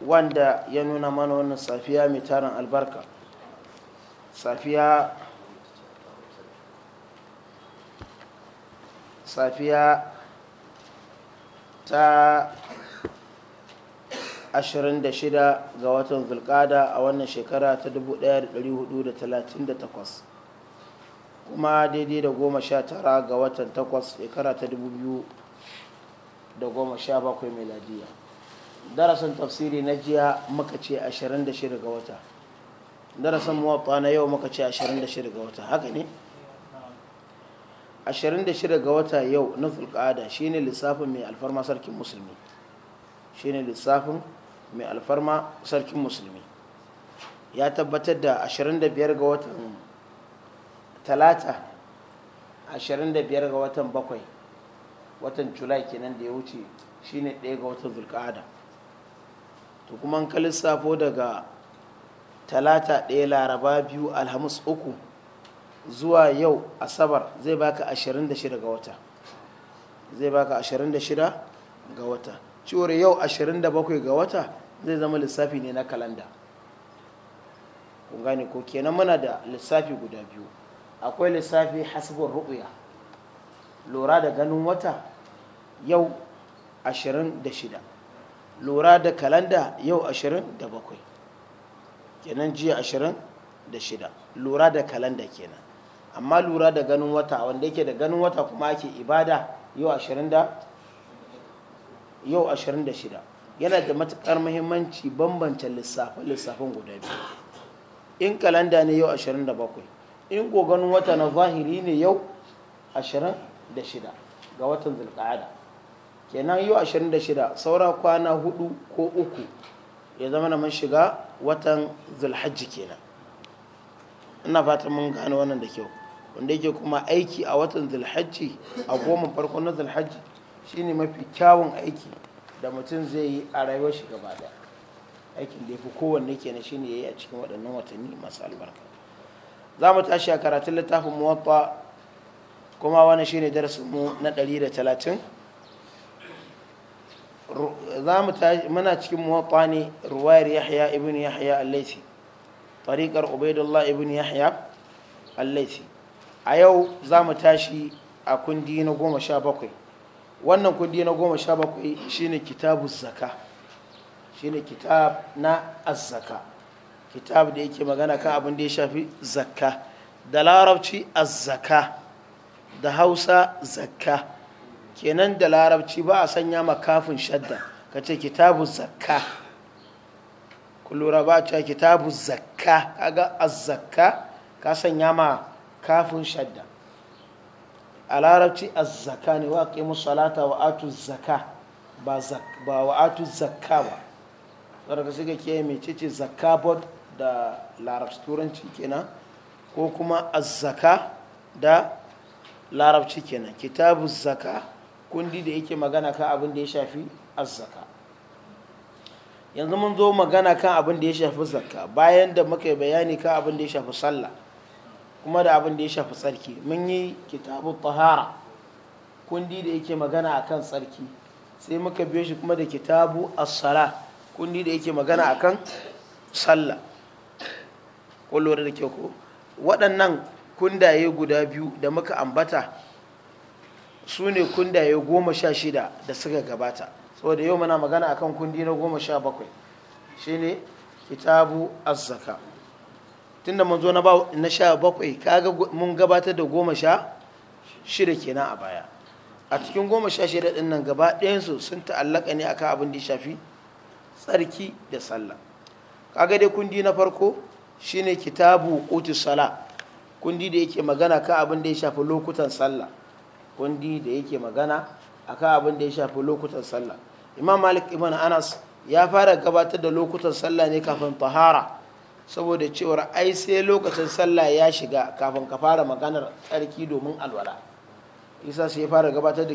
wanda ya nuna mana wannan safiya mai tarin albarka safiya safiya ta 26 ga watan zulkada a wannan shekara ta 1438 kuma daidai da goma sha tara ga watan takwas shekara ta 2017 meladiya darasin tafsiri na jiya muka ce 26 ga wata darasin mawata na yau muka ce 26 ga wata haka ne 26 ga wata yau na zulƙada shine lissafin mai alfarma sarkin musulmi ne lissafin mai alfarma sarkin musulmi ya tabbatar da 25 ga watan talata 25 ga watan bakwai watan julai kenan da ya wuce shine ɗaya ga watan zulƙada to kuma ka lissafo daga talata ɗaya laraba biyu alhamis uku zuwa yau asabar zai baka ashirin da shida ga wata zai baka ashirin da shida ga wata cewar yau ashirin da bakwai ga wata zai zama lissafi ne na kalanda kun gane ko kenan muna da lissafi guda biyu akwai lissafi hasbun ru'uya lura da ganin wata yau ashirin da shida. lura da kalanda yau 27 kenan jiya 26 lura da kalanda kenan amma lura da ganin wata wanda yake da ganin wata kuma ake ibada yau 26 yana da matuƙar muhimmanci bambanta lissafin guda biyu in kalanda ne yau 27 in ko ganin wata na zahiri ne yau 26 ga watan zulƙa'ada kenan yau 26 saura kwana hudu ko uku ya zama na mun shiga watan zulhajji kenan ina fatan mun gane wannan da kyau wanda yake kuma aiki a watan zulhajji a goma farko na zulhajji shine mafi kyawun aiki da mutum zai yi a rayuwar shi gaba da aikin da ya fi kowanne kenan shine yayi a cikin waɗannan watanni masu albarka za mu tashi a karatun littafin muwatta kuma wani shine darasin mu na talatin. za mu tashi muna cikin muwatta ne ruwayar yahya ibn yahya al-laisi tariqar ubaidullah ibn yahya al-laisi a yau za mu tashi a kundi na goma sha bakwai wannan kundi na goma sha bakwai shine kitabu zaka shine kitab na azzaka kitab da yake magana kan abin da ya shafi zaka. da larabci azzaka da hausa zakka kenan da larabci ba a sanya makafin shadda ka ce kitabu zakka kullura ba a kitabu zakka kaga azzakka ka sanya ma kafin shadda a larabci azzaka ne wa qimu salata wa atu zakka ba wa atu zakka ba saboda suka ke mecece zakka bod da larabci turanci kenan ko kuma azzaka da larabci kenan kitabu zakka kundi da yake magana kan abin da ya shafi azzaka yanzu mun zo magana kan abin da ya shafi zakka bayan da muka bayani kan abin da ya shafi sallah kuma da abin da ya shafi tsarki mun yi kitabu tahara kundi da yake magana akan tsarki sai muka biyo shi kuma da kitabu as-sala kundi da yake magana akan sallah kullum da ke ko waɗannan kundaye guda biyu da muka ambata su ne kundaye goma sha shida da suka gabata saboda yau muna magana akan kundi na goma sha bakwai shine kitabu azzaka tunda mun zo na sha bakwai kaga mun gabatar da goma sha shida kenan a baya a cikin goma sha shida ɗin nan gaba ɗayansu sun ta'allaka ne akan abin da ya shafi tsarki da sallah kaga dai kundi na farko shine kitabu qutus sala kundi da yake magana kan abin da ya shafi lokutan sallah kundi da yake magana a kan abin da ya shafi lokutan sallah imam malik ibn anas ya fara gabatar da lokutan sallah ne kafin tahara saboda cewar ai sai lokacin sallah ya shiga kafin ka fara maganar tsarki domin alwala isa sai ya fara gabatar da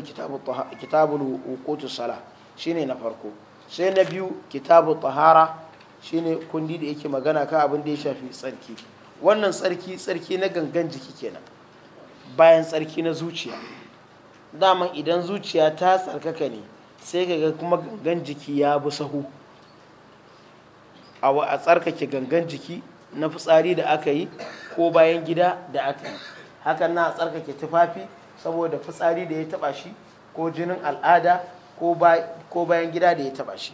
kitabul wuqutu sala shine na farko sai na biyu kitabun tahara shine kundi da yake magana ka abin da ya shafi tsarki wannan tsarki tsarki na gangan jiki kenan bayan tsarki na zuciya daman idan zuciya ta tsarkaka ne sai ga kuma gangan jiki ya bi sahu a tsarkake gangan jiki na fitsari da aka yi ko bayan gida da aka yi hakan na tsarkake tufafi saboda fitsari da ya taba shi ko jinin al'ada ko bayan gida da ya taba shi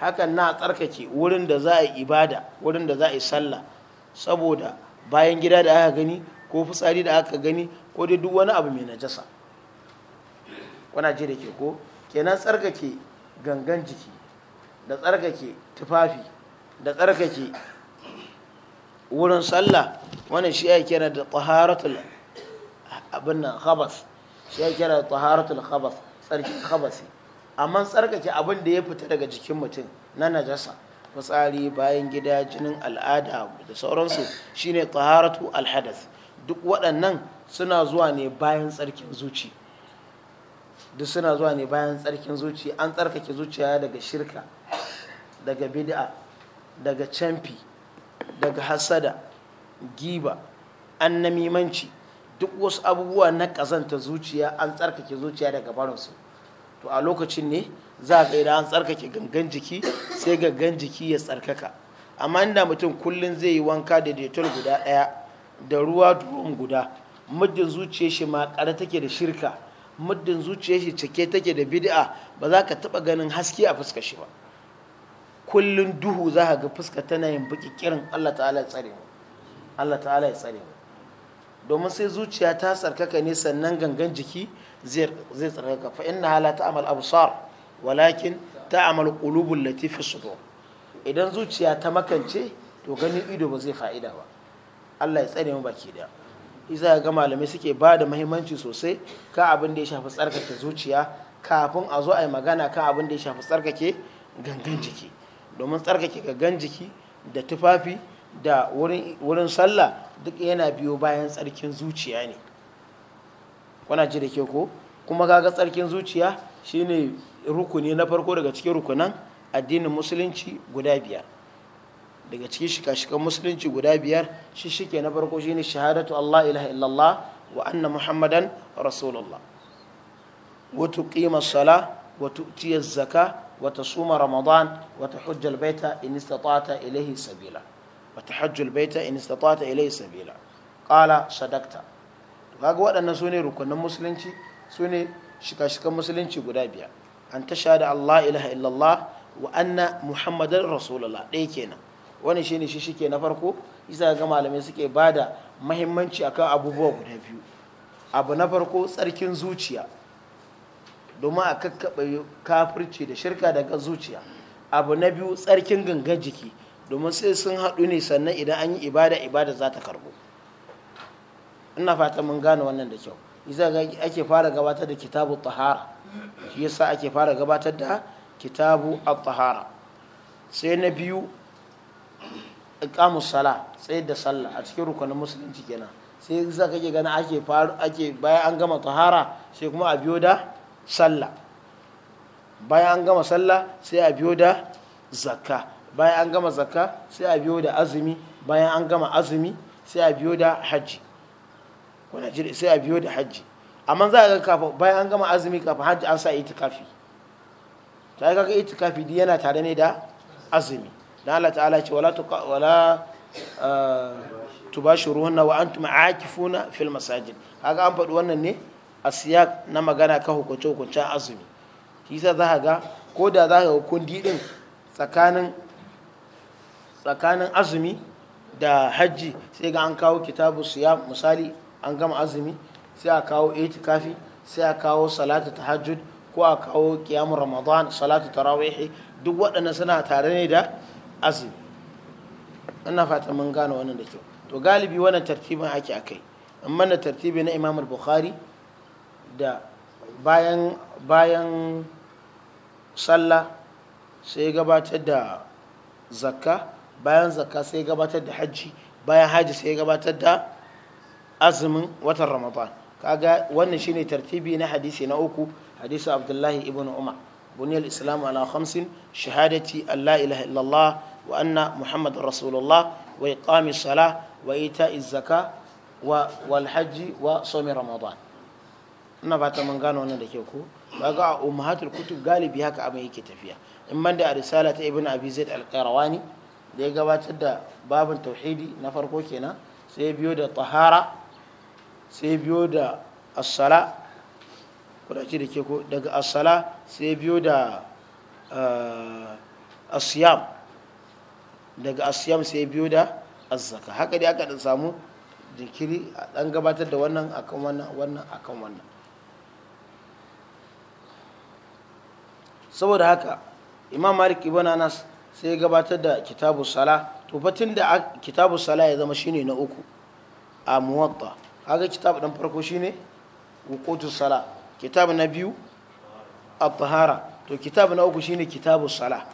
hakan na tsarkake wurin da za a yi ibada wurin da za a yi sallah saboda bayan gida da aka gani ko fitsari da aka gani ko dai duk wani abu mai najasa kuna ji da ke ko kenan tsarkake gangan jiki da tsarkake tufafi da tsarkake wurin sallah Wani shi ya kira da taharatul abin nan khabas shi ya kira da taharatul khabas tsarki khabasi amma tsarkake abin da ya fita daga jikin mutum na najasa fitsari bayan gida jinin al'ada da sauransu shine taharatu alhadath duk waɗannan suna zuwa ne bayan tsarkin zuci duk suna zuwa ne bayan tsarkin zuci an tsarkake zuciya daga shirka daga bid'a daga canfi daga hasada giba annamimanci duk wasu abubuwa na kazanta zuciya an tsarkake zuciya daga barinsu to a lokacin ne za ka idan an tsarkake gangan jiki sai gangan jiki ya tsarkaka amma inda mutum kullum zai yi wanka da detol guda ɗaya da ruwa durom guda muddin zuciyar shi ma take da shirka muddin zuciyar shi cike take da bid'a ba za ka taba ganin haske a fuskar shi ba kullun duhu za ka ga fuska tana yin buki kirin Allah ta'ala ya tsare mu Allah ta'ala ya tsare mu domin sai zuciya ta tsarkaka ne sannan gangan jiki zai tsarkaka fa inna hala ta'mal absar walakin ta'mal qulubul lati fi sudur idan zuciya ta makance to ganin ido ba zai fa'ida ba Allah ya tsare mu baki da. isa ga malamai suke ba da mahimmanci sosai ka abin da ya shafi tsarkake zuciya kafin a zo a yi magana kan abin da ya shafi tsarkake gangan jiki domin tsarkake gangan jiki da tufafi da wurin sallah duk yana biyo bayan tsarkin zuciya ne kuna ji da ke ko kuma kaga tsarkin zuciya shine rukuni na farko daga cikin rukunan addinin musulunci guda biyar daga cikin shika-shikan musulunci guda biyar shi shike na farko shine shahadatu Allah ilaha illallah wa anna muhammadan rasulullah wata kima sala wata tu'tiya zaka wata suma ramadan wata hujjal baita in istata'ta sabila wata tahajja baita in istata'ta sabila qala sadaqta kaga waɗannan sune rukunin musulunci sune shika-shikan musulunci guda biyar an tashhadu Allah ilaha illallah wa anna muhammadan rasulullah ɗaya kenan shi ne shi ke na farko isa ga malamai suke bada mahimmanci akan abubuwa guda biyu abu na farko tsarkin zuciya domin a kakkaɓe kafirci da shirka daga zuciya abu na biyu tsarkin ganga jiki domin sai sun haɗu ne sannan idan an yi ibada ibada za ta karbo ina fata mun gane wannan da kyau isa ga ake fara gabatar da kitabu tahara shi yasa ake fara gabatar da kitabu at-tahara sai na biyu iqamus sala tsayar da sallah a cikin rukunin musulunci kenan sai za ka ke gani ake ake bayan an gama tahara sai kuma a biyo da sallah bayan an gama sallah sai a biyo da zakka bayan an gama zakka sai a biyo da azumi bayan an gama azumi sai a biyo da hajji kuna jira sai a biyo da hajji amma za ka kafa bayan an gama azumi kafa hajji an sa itikafi ta yi kaka itikafi yana tare ne da azumi da Allah ta'ala ce wala wala ah, tubashiruhunna wa antum aakifuna fil masajid haka an faɗi wannan ne a siyak na magana ka hukunce hukuncen azumi kisa za ka ga ko da za ka ga kundi din tsakanin azumi da hajji sai ga an kawo kitabu siyam misali an gama azumi sai a kawo itikafi sai a kawo salatu tahajjud ko a kawo kiyamun ramadan salatu tarawih duk waɗannan suna tare ne da azumi ina fata mun gane wannan da kyau to galibi wannan tartibin ake akai amma na tartibi na imam bukhari da bayan bayan sallah sai gabatar da zakka bayan zakka sai gabatar da hajji bayan hajji sai gabatar da azumin watan ramadan kaga wannan shine tartibi na hadisi na uku hadisi abdullahi ibn umar buniyar islam ala khamsin shahadati allah ilaha illallah وأن محمد رسول الله وإقام الصلاة وإيتاء الزكاة والحج وصوم رمضان ina ba ta mangana wannan da ke ku ba ga ummahatul kutub galibi haka abin yake tafiya in man da a risala ta ibn abi zaid al-qayrawani da ya gabatar da babin tauhidi na farko kenan sai biyo da tahara sai biyo da as-sala kudaci da ke ku daga as-sala sai biyo da as-siyam daga asiyam sai biyo da azzaka haka dai aka da samu jikiri a dan gabatar da wannan akan wannan wannan akan wannan saboda haka imam malik ibn anas sai ya gabatar da kitabu sala to fatin da kitabu sala ya zama shine na uku a muwatta haka kitabu dan farko shine wuqutu sala kitabu na biyu at-tahara to kitabu na uku shine kitabu sala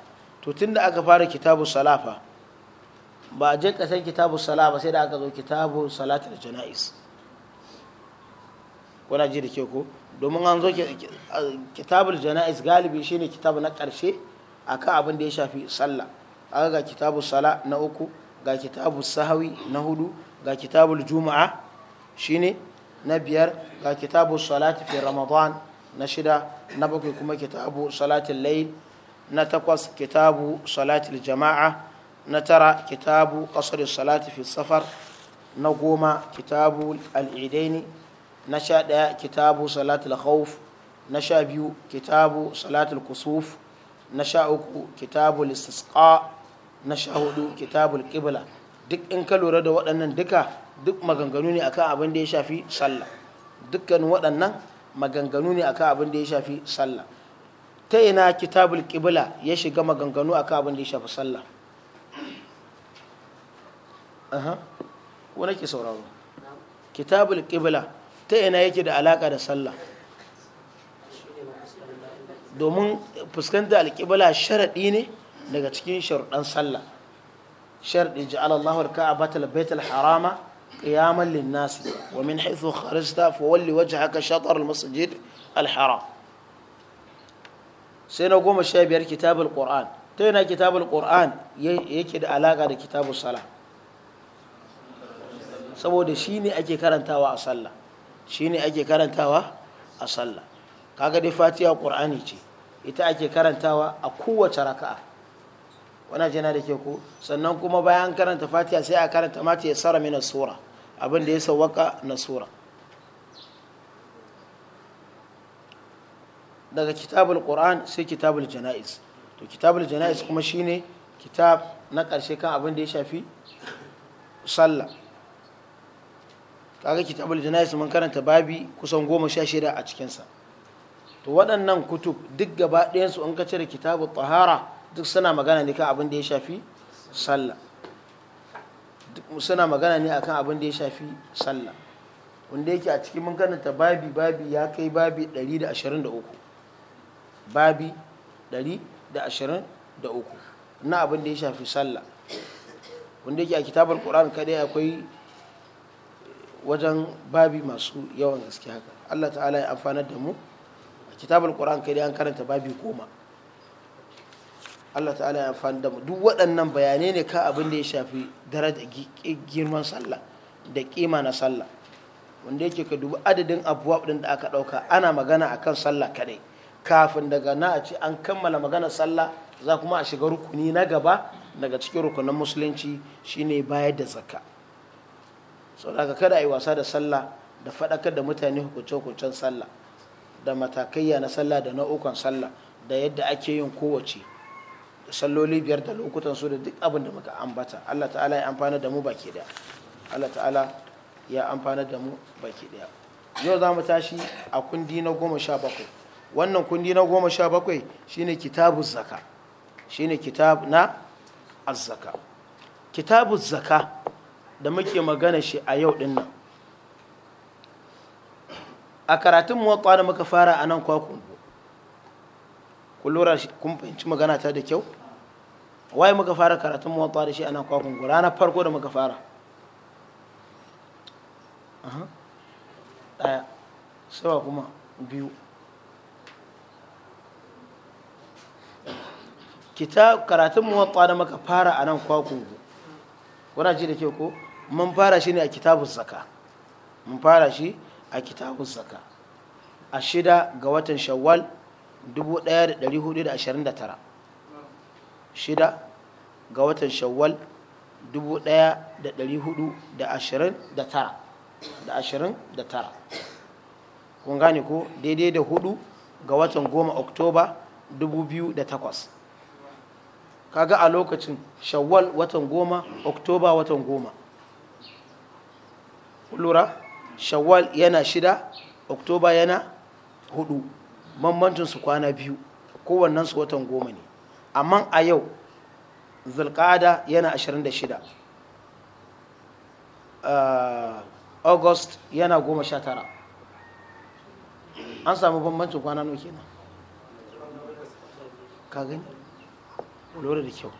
to tunda aka fara kitabu sala fa ba a je san kitabu sala ba sai da aka zo kitabu salatu da jana'is kuna ji da ke ko domin an zo da jana'is galibi shine kitabu na karshe akan abin da ya shafi sallah aka ga kitabu sala na uku ga kitabu sahawi na hudu ga kitabu juma'a shine na biyar ga kitabu salati fi ramadan na shida na bakwai kuma kitabu salatin layl na takwas kitabu salatil jama'a na tara kitabu ƙasar salati fi safar na goma kitabu al'idaini na sha ɗaya kitabu salatul khawf na sha biyu kitabu salatul kusuf na sha uku kitabu istisqa na sha hudu kitabu qibla duk in ka lura da waɗannan duka duk maganganu ne akan abin da ya shafi sallah dukkan waɗannan maganganu ne akan abin da ya shafi sallah ta ina kitabul qibla ya shiga maganganu akan abin da ya shafi sallah wani ke sauraro kitabul qibla ta ina yake da alaka da sallah domin fuskanta alƙibla sharaɗi ne daga cikin sharuɗan sallah sharaɗi ja'ala Allahu al a al-baytal harama ƙiyamar linnasi wa min haythu kharajta fawalli wajhaka wajen haka masjid al alhara sai na goma sha biyar kitabul qur'an ta yana kitabul qur'an yake da alaka da kitabus salah saboda shi ne ake karantawa a sallah shi ne ake karantawa a sallah kaga dai fatiha qur'ani ce ita ake karantawa a kowace raka'a wannan jana da ke ku sannan kuma bayan karanta fatiha sai a karanta mata ya sara mina sura abin da ya sawaka na sura daga kitabul qur'an sai kitabul jana'iz to kitabul jana'iz kuma shine kitab na ƙarshe kan abin da ya shafi sallah kaga al janais mun karanta babi kusan goma sha shida a cikinsa to waɗannan kutub duk gaba su in ka cire kitabu tahara duk suna magana ne kan abin da ya shafi sallah duk suna magana ne akan abin da ya shafi sallah wanda yake a cikin mun karanta babi babi ya kai babi 123 babi 123 na abin da ya shafi sallah wanda yake a kitabar qur'an kadai akwai wajen babi masu yawan gaske haka Allah ta'ala ya amfanar da mu a kitabul Qur'an kai dai an karanta babi goma Allah ta'ala ya amfanar da mu duk waɗannan bayanai ne ka abin da ya shafi daraja girman sallah da kima na sallah wanda yake ka dubi adadin abuwa ɗin da aka ɗauka ana magana akan sallah kaɗai kafin daga na a ce an kammala magana sallah za kuma a shiga rukuni na gaba daga cikin rukunin musulunci shine bayar da zakka saboda kada a yi wasa da sallah da faɗakar da mutane hukunce-hukuncen sallah da matakaiya na sallah da nau'ukan sallah da yadda ake yin kowace da salloli biyar da lokutan su da duk abin da muka ambata Allah ta'ala ya amfana da mu baki daya Allah ta'ala ya amfana da mu baki daya yau za mu tashi a kundi na goma sha bakwai wannan kundi na goma sha bakwai shine kitabu zaka shine kitab na azzaka kitabu zaka da muke magana shi a yau din nan a karatun muwatta da muka fara a nan kwakun ku lura kun fahimci magana ta da kyau waye muka fara karatun muwatta da shi a nan kwakun ranar farko da muka fara ɗaya sawa kuma biyu kita karatun muwatta da muka fara a nan kwakun kuna ji da ke ko mun fara shi ne a kitabun zaka mun fara shi a kitabun zaka a shida ga watan shawwal 1429 shida ga watan shawwal 1429 da ashirin da tara kun gane ko daidai da hudu ga watan goma oktoba 2008 kaga a lokacin shawwal watan goma oktoba watan goma lura shawwal yana shida oktoba yana hudu bambancin su kwana biyu kowannen su watan goma ne amma a yau zulqada yana 26 ah, august yana 19 an samu bambancin kwana nuke na ka gani lura da kyau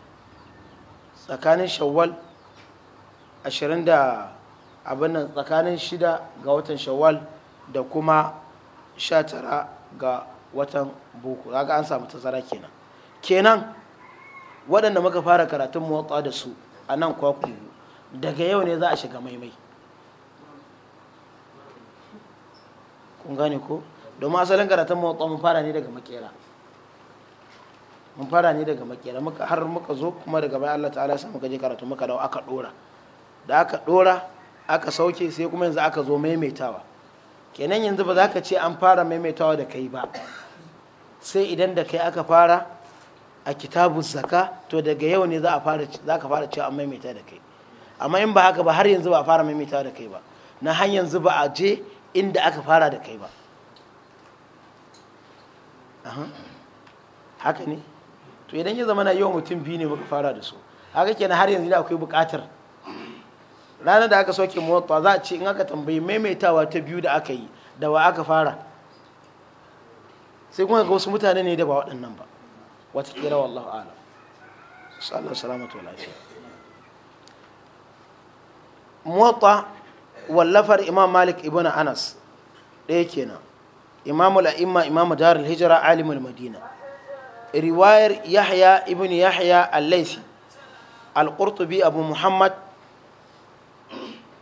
tsakanin shawwal 26 abin nan tsakanin shida ga watan shawwal da kuma sha tara ga watan boko kaga an samu tazara kenan kenan waɗanda muka fara karatun motsa da su a nan kwaku daga yau ne za a shiga maimai kun gane ko domin asalin karatun motsa mun fara ne daga makera mun fara ne daga makera har muka zo kuma daga bayan Allah ta'ala sai muka je karatu muka dawo aka dora da aka dora aka sauke sai kuma yanzu aka zo maimaitawa kenan yanzu ba za ka ce an fara maimaitawa da kai ba sai idan da kai aka fara a kitabun zaka to daga yau ne za ka fara cewa an maimaita da kai amma in ba haka ba har yanzu ba a fara maimaitawa da kai ba na har yanzu ba a je inda aka fara da kai ba haka ne to idan ya zama na yau mutum biyu ne muka fara da su haka kenan har yanzu da akwai bukatar ranar da aka soke muwatta za a ce in aka tambayi maimaitawa ta biyu da aka yi da wa aka fara sai kuma ga wasu mutane ne da ba waɗannan ba wata kira Allah ala sallar salamatu wa lafiya muwatta wallafar imam malik ibn anas ɗaya kenan imamu la'imma imamu darul hijira alimul madina riwayar yahya ibn yahya al-laisi al-qurtubi abu muhammad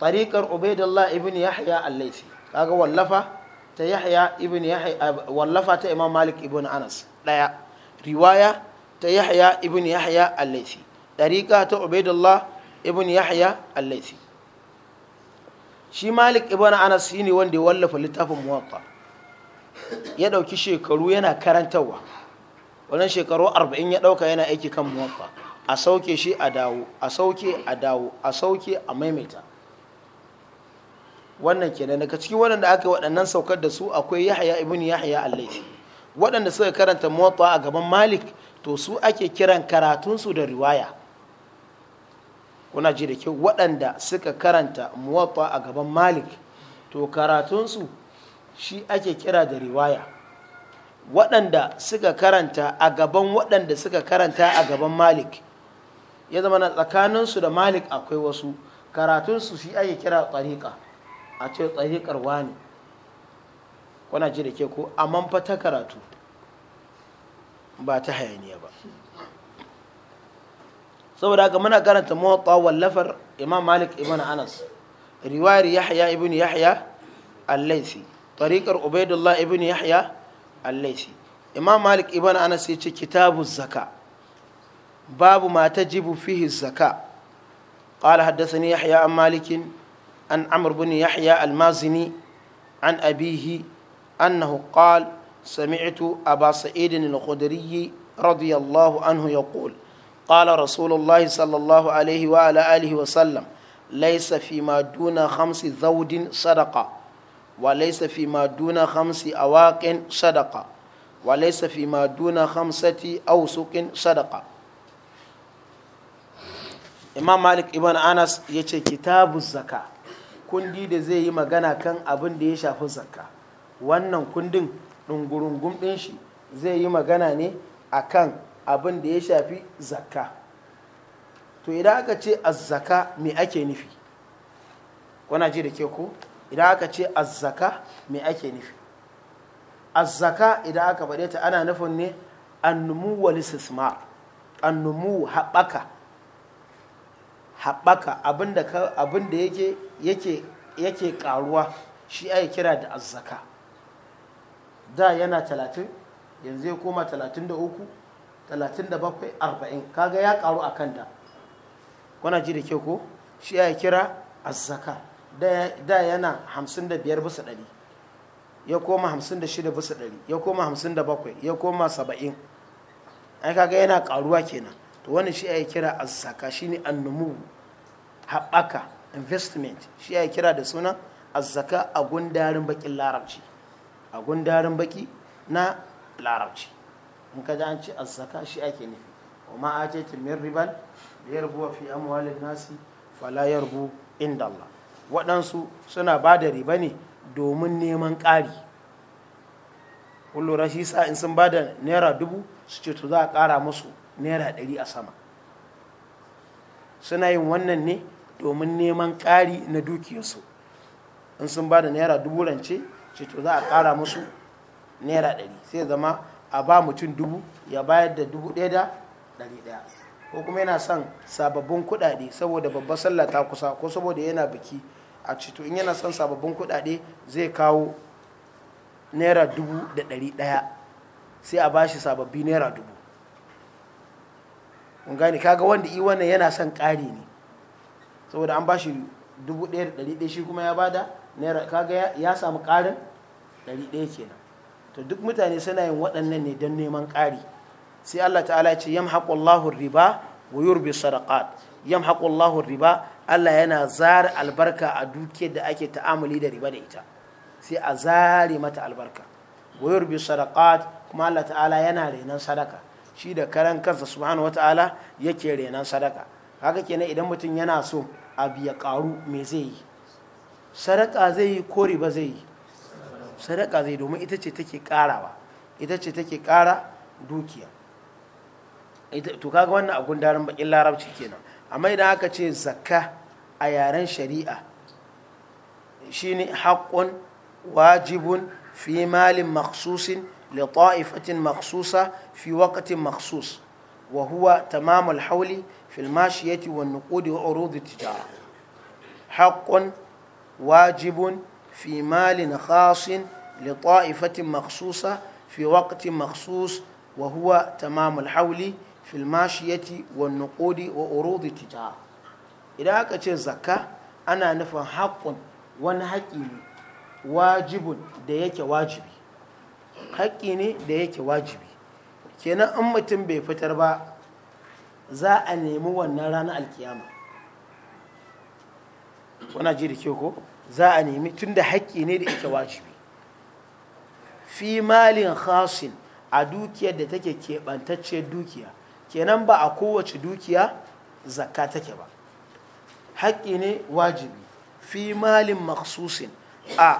tariqar ubaidullah ibn yahya al-laisi kaga wallafa ta yahya ibn yahya wallafa ta imam malik ibn anas daya riwaya ta yahya ibn yahya al-laisi tariqa ta ubaidullah ibn yahya al-laisi shi malik ibn anas shine wanda ya wallafa littafin muwatta ya ɗauki shekaru yana karantarwa wannan shekaru 40 ya ɗauka yana aiki kan muwatta a sauke shi a dawo a sauke a dawo a sauke a maimaita wannan kenan daga cikin waɗanda aka yi waɗannan saukar da su akwai yahaya ibn yahaya al waɗanda suka karanta muwatta a gaban malik to su ake kiran karatunsu da riwaya kuna ji da kyau waɗanda suka karanta muwatta a gaban malik to karatunsu shi ake kira da riwaya waɗanda suka karanta a gaban waɗanda suka karanta a gaban malik ya zama na tsakaninsu da malik akwai wasu karatunsu shi ake kira tsarika a ce tsariƙar wani kuna ji da ke ko a fa ta karatu ba ta hayaniya ba saboda ga muna karanta mawaƙa wallafar imam malik ibn anas riwayar yahya ibn yahya al-laisi tariƙar ubaidullah ibn yahya al-laisi imam malik ibn anas ya ce kitabu zaka babu mata jibu fihi zaka قال حدثني يحيى عن مالك عن عمرو بن يحيى المازني عن أبيه أنه قال سمعت أبا سعيد الخدري رضي الله عنه يقول قال رسول الله صلى الله عليه وعلى آله وسلم ليس فيما دون خمس ذود صدقة وليس فيما دون خمس أواق صدقة وليس فيما دون خمسة أوسق صدقة إمام مالك ابن أنس يتي كتاب الزكاة kundi da zai yi magana kan abin da ya shafi zakka wannan kundin ɗungurungun ɗin shi zai yi magana ne a kan abin da ya shafi zakka to idan aka ce azzaka me ake nufi wana ji da ke ko idan aka ce azzaka me ake nufi azzaka idan aka faɗe ta ana nufin ne annumu wal istisma annumu haɓaka haɓaka abin da yake yake karuwa shi ake kira da azzaka da yana talatin yanzu ya koma talatin da uku talatin da bakwai arba'in kaga ya karu a da kuna ji da kyau ko shi ake kira azzaka da yana hamsin da biyar bisa ɗari ya koma hamsin da shida bisa ɗari ya koma hamsin da bakwai ya koma saba'in ai kaga yana karuwa kenan to wani shi ya kira azzaka shine annumu haɓaka investment shi ya kira da suna azzaka a gundarin bakin larabci a gundarin baki na larabci in ka ji an ce azzaka shi ake nufi wa ma ce min riban da yarbuwa fi amwalin nasi fala yarbu inda Allah waɗansu suna ba da riba ne domin neman ƙari kullum shi sa in sun ba da naira dubu su ce to za a ƙara musu naira ɗari a sama suna yin wannan ne domin neman ƙari na dukiyarsu in sun ba da naira dubu rance ce to za a ƙara musu naira ɗari sai zama a ba mutum dubu ya bayar da dubu ɗaya da ɗari ɗaya ko kuma yana son sababbin kuɗaɗe saboda babbar sallah ta kusa ko saboda yana biki a cito in yana son sababbin kuɗaɗe zai kawo naira dubu da ɗari ɗaya sai a ba shi sababbi naira dubu mun gane kaga wanda i wannan yana son ƙari ne saboda an bashi dubu ɗaya da ɗari ɗaya shi kuma ya bada naira kaga ya samu ƙarin ɗari ɗaya kenan to duk mutane suna yin waɗannan ne don neman ƙari sai Allah ta'ala ce yam Allahu riba wa yurbi sadaqat yam Allahu riba Allah yana zara albarka a dukiyar da ake ta'amuli da riba da ita sai a zare mata albarka wa yurbi sadaqat kuma Allah ta'ala yana renon sadaka shi da karan kansa subhanahu wata'ala yake renan sadaka haka kenan idan mutum yana so abu ya karu me zai yi sadaka zai yi ko riba zai yi sadaka zai domin ita ce take karawa ita ce take kara dukiya to kaga wannan a gundarin bakin larabci kenan amma idan aka ce zakka a yaren shari'a shine haƙƙon wajibun fi malin maksusin لطائفة مخصوصة في وقت مخصوص وهو تمام الحول في الماشية والنقود وعروض التجارة حق واجب في مال خاص لطائفة مخصوصة في وقت مخصوص وهو تمام الحول في الماشية والنقود وعروض التجارة إذا أكتش الزكاة أنا نفهم حق ونحكي واجب ديك واجبي haƙƙi ne da yake wajibi kenan an mutum bai fitar ba za a nemi wannan ranar alkiyama wana ji da ke ko za a nemi tun da haƙƙi ne da yake wajibi fi malin khasin a dukiyar da take keɓantacciyar dukiya kenan ba a kowace dukiya zaka take ba haƙƙi ne wajibi fi malin maksusin a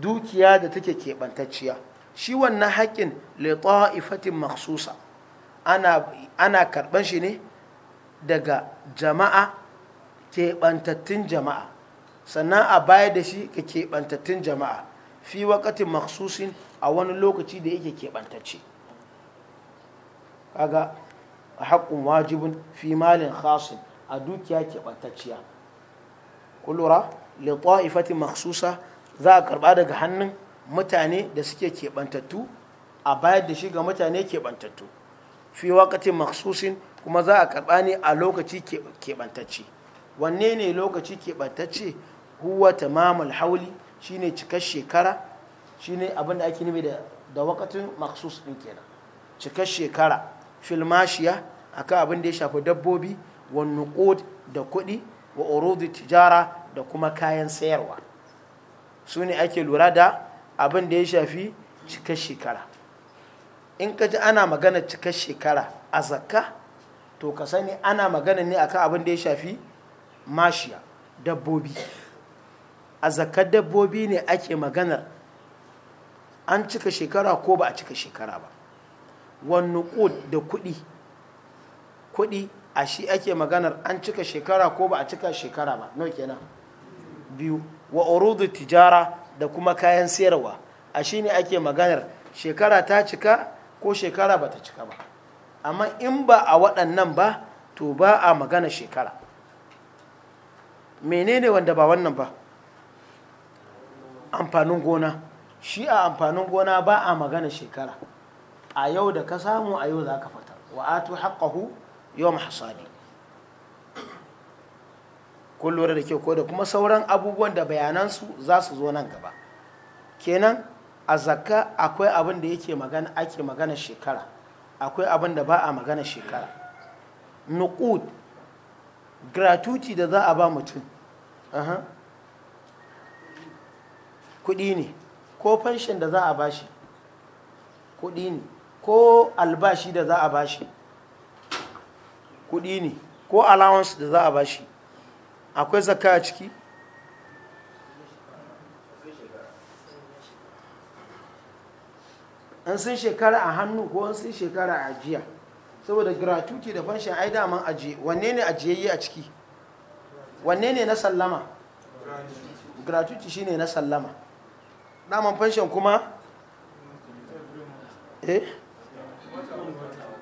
dukiya da take keɓantacciya shi wannan haƙƙin li ta'ifatin ana ana karban shi ne daga jama'a keɓantattun jama'a sannan a baya da shi ga keɓantattun jama'a fi wakatin maksusin a wani lokaci da yake keɓantacce kaga haƙƙun wajibin fi malin khasin a dukiya keɓantacciya kulura ifatin maksusa za a karɓa daga hannun mutane da suke keɓantattu a bayar da shi ga mutane keɓantattu fi wakatin maksusin kuma za a karɓa ne a lokaci keɓantacce wanne ne lokaci keɓantacce huwa tamamul hauli shine cikar shekara shine abin da ake nufi da wakatin maksus ɗin kenan cikar shekara filmashiya akan abin da ya shafi dabbobi wa nukod da kuɗi wa orodi tijara da kuma kayan sayarwa su ne ake lura da abin da ya shafi cikar shekara in ka ji ana magana cika shekara a zakka to ka sani ana magana ne akan abin da ya shafi mashiya dabbobi a zakkar dabbobi ne ake maganar an cika shekara ko ba a cika shekara ba wannan da kudi kuɗi a shi ake maganar an cika shekara ko ba a cika shekara ba no kenan biyu wa urudu tijara da kuma kayan sayarwa a shine ake maganar shekara ta cika ko shekara bata cika ba amma in ba a waɗannan ba to ba a magana shekara menene wanda ba wannan ba amfanin gona shi a amfanin gona ba a magana shekara a yau da ka samu a yau za ka fata wa atu haƙahu yau hasadi kun lura da ke ko da kuma sauran abubuwan da bayanansu za su zo nan gaba kenan a zakka akwai abin da yake magana ake magana shekara akwai abin da ba a magana shekara nukud gratuity da za a ba mutum kuɗi ne ko fanshin da za a ba shi. kuɗi ne ko albashi da za a ba shi. kuɗi ne ko allowance da za a ba shi. akwai zakka a ciki an sun shekara a hannu ko an sun shekara a ajiya saboda gratuity da fanshin ai daman ajiye wanne ne ajiyayye a ciki wanne ne na sallama gratuity ne na sallama daman fanshin kuma eh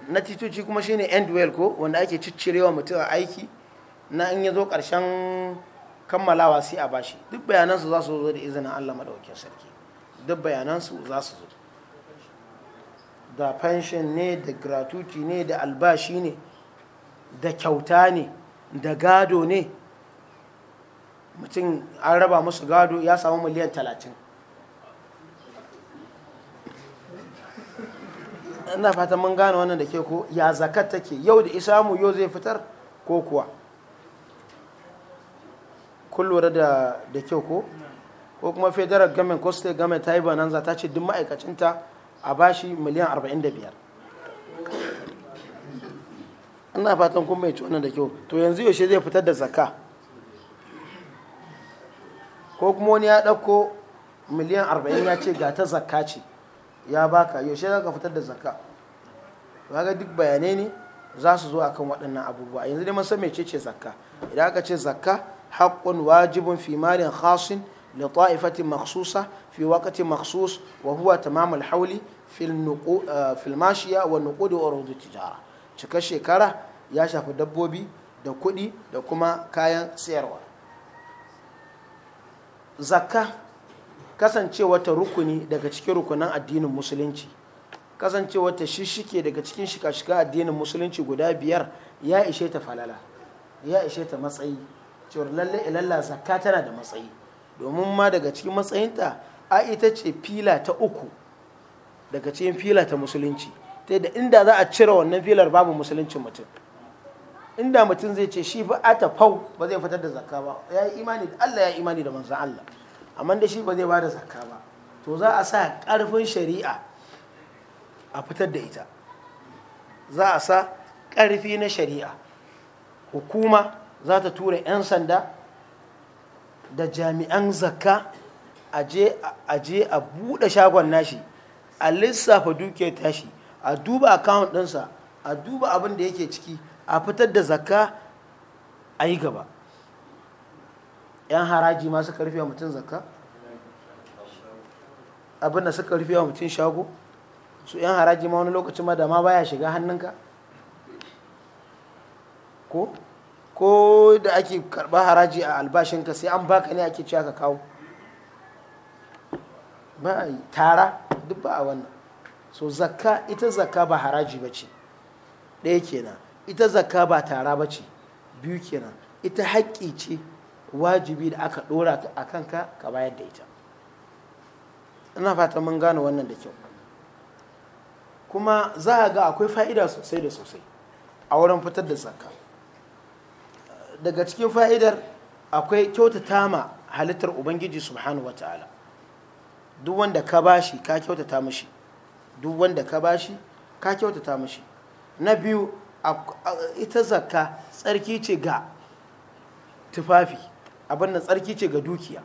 na tituci kuma shi end well ko wanda ake ciccirewa mutum a aiki na in ya zo ƙarshen kammalawa sai a bashi duk bayanansu za su zo da izinin allah maɗaukin sarki duk bayanansu za su zo da pension ne da gratuity ne da albashi ne da kyauta ne da gado ne mutum an raba musu gado ya samu miliyan talatin ina fata mun gane wannan da ke ko ya zakat take yau da isamu yau zai fitar ko kuwa kun lura da da kyau ko ko kuma federal government ko state government ta yi za ta ce duk ma'aikacinta a bashi miliyan 45 ina fatan kun mai wannan da kyau to yanzu yaushe zai fitar da zakka ko kuma wani ya ɗauko miliyan 40 ya ce ga ta zakka ce ya baka yaushe za ka fitar da zakka ga duk bayanai ne za su zo akan waɗannan abubuwa yanzu dai mun san ce ce zakka idan aka ce zakka حق واجب في مال خاص لطائفة مخصوصة في وقت مخصوص وهو تمام الحول في, النقو... في الماشية والنقود وأرض التجارة cika shekara ya shafi dabbobi da kuɗi da kuma kayan sayarwa zakka kasancewa ta rukuni daga cikin rukunan addinin musulunci kasancewa ta shishike daga cikin shika-shika addinin musulunci guda biyar ya ishe ta falala ya ishe ta matsayi cewar lalle ilalla zakka tana da matsayi domin ma daga cikin matsayinta a ita ce fila ta uku daga cikin fila ta musulunci ta da inda za a cire wannan filar babu musuluncin mutum inda mutum zai ce shi ba a fau ba zai fitar da zakka ba ya yi imani da Allah ya yi imani da manzan Allah amma da shi ba zai ba da zakka ba to za a sa karfin shari'a a fitar da ita za a sa karfi na shari'a hukuma za ta tura 'yan sanda da jami'an zakka a je a buɗe shagon nashi a lissafa dukiyar tashi a duba akawun ɗinsa a duba abin da yake ciki a fitar da zakka a yi gaba 'yan haraji masu karfi wa mutum zakka abin da suka rufe wa mutum shago su 'yan haraji ma wani lokacin ma da ma baya shiga hannunka ko ko da ake karba haraji a albashin ka sai an baka ne ake cewa ka kawo ba a yi tara duk ba a wannan so zakka ita zakka ba haraji ba ce ɗaya kenan ita zakka ba tara ba ce biyu kenan ita haƙƙi ce wajibi da aka ɗora a kanka ka bayar da ita ina fata mun gane wannan da kyau kuma za a ga akwai fa'ida sosai da sosai a wurin fitar da zakka daga cikin fa'idar akwai kyautata ma halittar ubangiji subhanahu wa ta'ala duk wanda ka ba shi, ka kyautata mashi duk wanda ka ba shi, ka kyautata mashi na biyu ita zakka tsarki ce ga tufafi abin da tsarki ce ga dukiya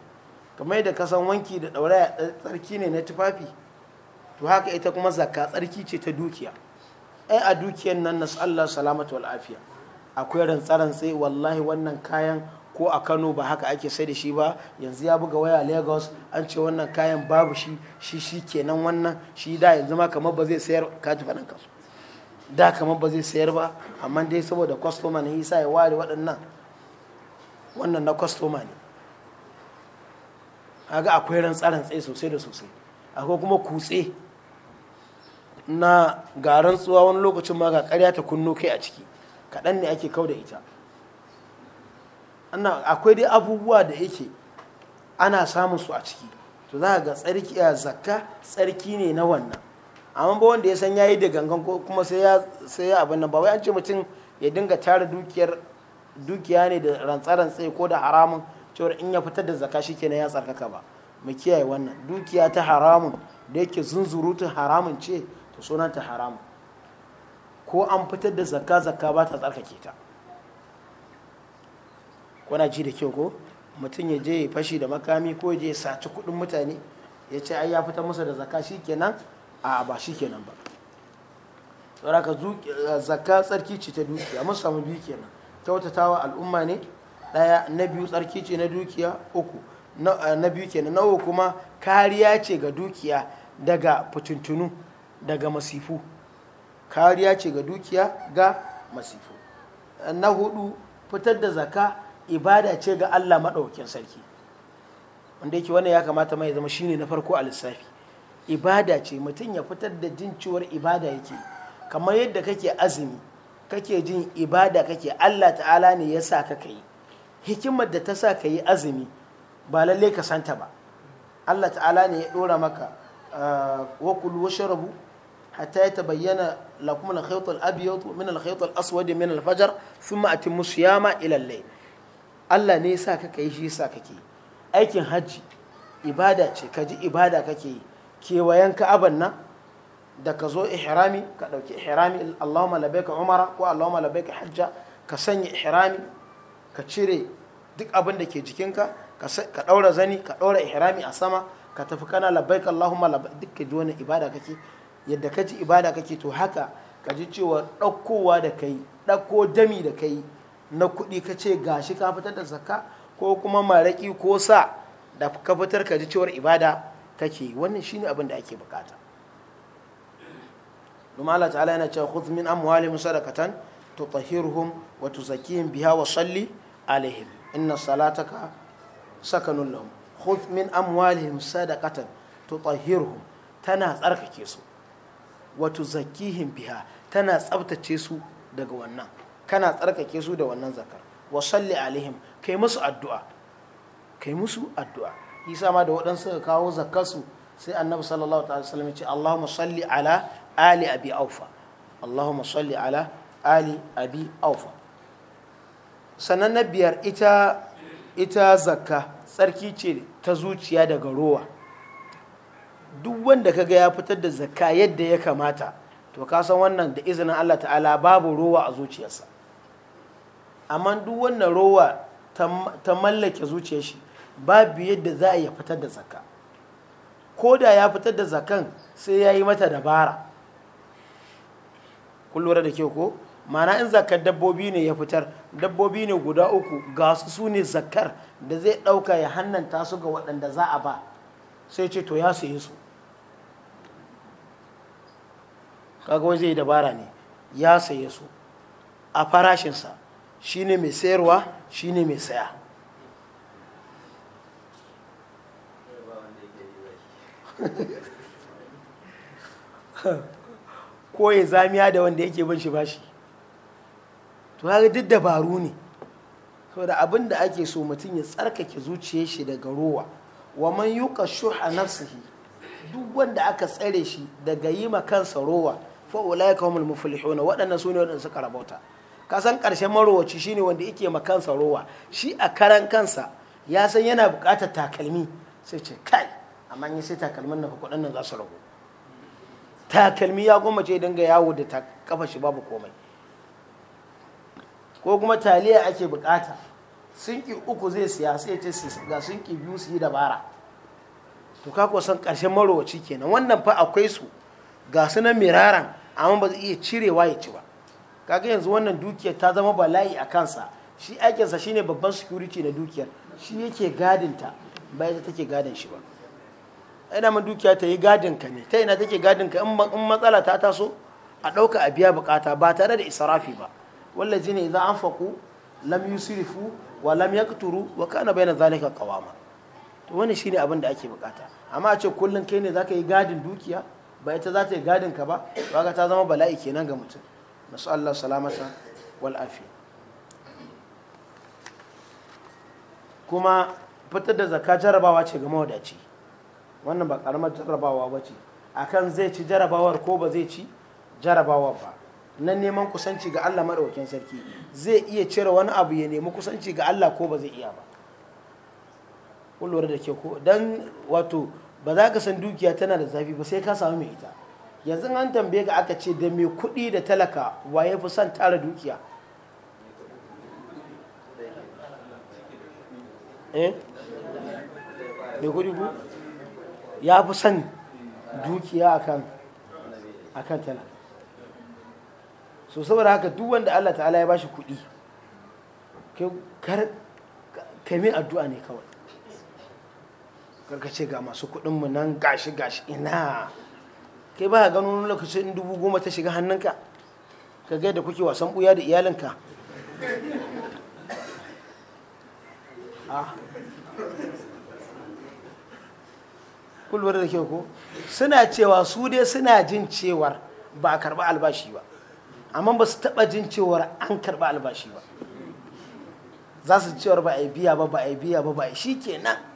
kamar yadda ka wanki da ɗauraya tsarki ne na tufafi to haka ita kuma zakka tsarki ce ta dukiya ai a dukiyan nan na Allah salamatu wal afiya akwai rantsarantse wallahi wannan kayan ko a kano ba haka ake sai da shi ba yanzu ya buga waya lagos an ce wannan kayan babu shi shi shi kenan wannan shi da yanzu ma kamar ba zai sayar ka ji faɗin kasu da kamar ba zai sayar ba amma dai saboda kwastoma ne yasa ya ware waɗannan wannan na kwastoma ne kaga akwai tsaye sosai da sosai akwai kuma kutse na garan tsuwa wani lokacin ma ga karya ta kunno kai a ciki kaɗan ne ake kau da ita akwai dai abubuwa da yake ana samun su a ciki to za ga tsarki a zakka tsarki ne na wannan amma ba wanda ya san yayi da gangan ko kuma sai ya sai ya abin nan ba wai an ce mutum ya dinga tara dukiyar dukiya ne da rantsa-rantsa ko da haramun cewar in ya fitar da zakka shikenan ya tsarkaka ba mu kiyaye wannan dukiya ta haramun da yake zunzurutun haramun ce to ta haramun ko an fitar da zakka zakka ba ta tsarkake ta kuna ji da kyau ko mutum ya je ya fashi da makami ko ya je saci kudin mutane ya ce ai ya fita masa da zakka shikenan a ba shikenan ba ka eh, zakka tsarki ce ta dukiya mun samu biyu kenan kyautatawa al'umma ne ɗaya na biyu tsarki ce na dukiya uku na eh, biyu kenan nawa kuma kariya ce ga dukiya daga fitintunu daga masifu kariya ce ga dukiya ga masifu na hudu fitar da zaka ibada ce ga Allah maɗaukin sarki wanda yake wannan ya kamata mai zama shine na farko a lissafi ibada ce mutum ya fitar da jin ciwar ibada yake kamar yadda kake azumi kake jin ibada kake Allah ta'ala ne ya sa ka yi hikimar da ta sa ka yi azumi ba lallai ka santa ba Allah ta'ala ne ya ɗora maka ah, wakulu washarabu hatta ya tabayyana lakum al-khayt al-abyad min al-khayt al-aswad min al-fajr thumma atimmu siyama ila al-layl Allah ne yasa ka kai shi yasa kake aikin hajji ibada ce ka ji ibada kake yi kewayen ka'aban nan da ka zo ihrami ka dauki ihrami Allahumma labbaika umara ko Allahumma labbaika hajja ka sanya ihrami ka cire duk abin da ke jikinka ka daura zani ka daura ihrami a sama ka tafi kana labbaika Allahumma labbaika duk ka ji wani ibada kake yadda ka ji ibada kake to haka ka ji cewa ɗaukowa da kai ɗauko dami da kai na kuɗi ka ce gashi ka fitar da zakka ko kuma maraƙi ko sa da ka fitar ka ji cewar ibada kake wannan shine abin da ake bukata domin Allah ta'ala yana cewa khudh min amwalihim sadaqatan tutahhiruhum wa tuzakkihim biha wa salli alaihim inna salataka sakanun lahum khudh min amwalihim sadaqatan tutahhiruhum tana tsarkake su wato zakihin biha tana tsabtace su daga wannan kana tsarkake su da wannan zakar wa salli alaihim kai musu addu'a kai musu addu'a isa ma da waɗansu ka kawo zakarsu sai annabi sallallahu alaihi wasallam ya ce Allahumma salli ala ali abi aufa Allahumma salli ala ali abi aufa sannan na biyar ita ita zakka tsarki ce ta zuciya daga rowa duk wanda ka ga ya fitar da zakka yadda ya kamata to ka san wannan da izinin Allah ta'ala babu rowa a zuciyarsa amma duk wannan rowa ta mallake zuciyar shi babu yadda za a yi fitar da zakka ko da ya fitar da zakan sai ya yi mata dabara kun da ke ko mana in zakar dabbobi ne ya fitar dabbobi ne guda uku ga su su ne zakar da zai ɗauka ya hannanta su ga waɗanda za a ba sai ce to ya sayi su kaga wai zai dabara ne ya saye su a farashinsa shine mai sayarwa shine mai saya ko ya zamiya da wanda yake bin shi bashi to haka duk dabaru ne saboda abin da ake so mutum ya tsarkake zuciya shi daga rowa wa man yuka shuha nafsihi duk wanda aka tsare shi daga yi ma kansa rowa fa ulaika humul muflihun waɗannan sune wadanda suka rabauta ka san ƙarshen marowaci shine wanda yake ma kansa rowa shi a karan kansa ya san yana buƙatar takalmi sai ce kai amma ni sai takalmin nan kuɗin nan za su rago takalmi ya goma ce dinga yawo da ta kafa shi babu komai ko kuma taliya ake buƙata sinki uku zai siya sai ce ga sinki biyu su yi dabara to ka san ƙarshen marowaci kenan wannan fa akwai su ga su na miraran amma ba zai iya cirewa ya ci ba kaga yanzu wannan dukiyar ta zama bala'i a kansa shi aikinsa shine babban security na dukiyar shi yake gadinta ba ita take gadin shi ba ina man dukiya ta yi gadin ka ne ta ina take gadin ka in matsala ta taso a ɗauka a biya bukata ba tare da israfi ba wallah ne za an faku lam yusrifu wa lam yakturu wa kana bayna zalika qawama to wannan shine abin da ake bukata amma a ce kullun kai ne zaka yi gadin dukiya ba ita za ta yi gadin ka ba ba ta zama bala'i kenan ga mutum masu Allah salamata wal'afi kuma fitar da zaka jarabawa ce ga mawadaci wannan ba karamar jarabawa ba ce akan zai ci jarabawar ko ba zai ci jarabawa ba na neman kusanci ga Allah maɗaukin sarki zai iya cire wani abu ya nemi kusanci ga Allah ko ba zai iya ba kullum da ke ko don wato ba za ka san dukiya tana da zafi ba sai ka samu mai ita yanzu an tambaye ka aka ce da mai kuɗi da talaka waye fi son tara dukiya eh? mai kuɗi ku ya fi son dukiya akan akan talaka so saboda haka duk wanda Allah ta'ala ya bashi kuɗi kai kar kame addu'a ne kawai karka ce ga masu kuɗin mu nan gashi gashi ina kai ba gano wani lokacin in dubu goma ta shiga hannunka ka ga yadda kuke wasan buya da iyalinka ah. kulwar da ke ko suna cewa su dai suna jin cewar ba a karɓi albashi ba amma ba su taɓa jin cewar an karɓi albashi ba za su cewar ba a biya ba ba a biya ba ba shi kenan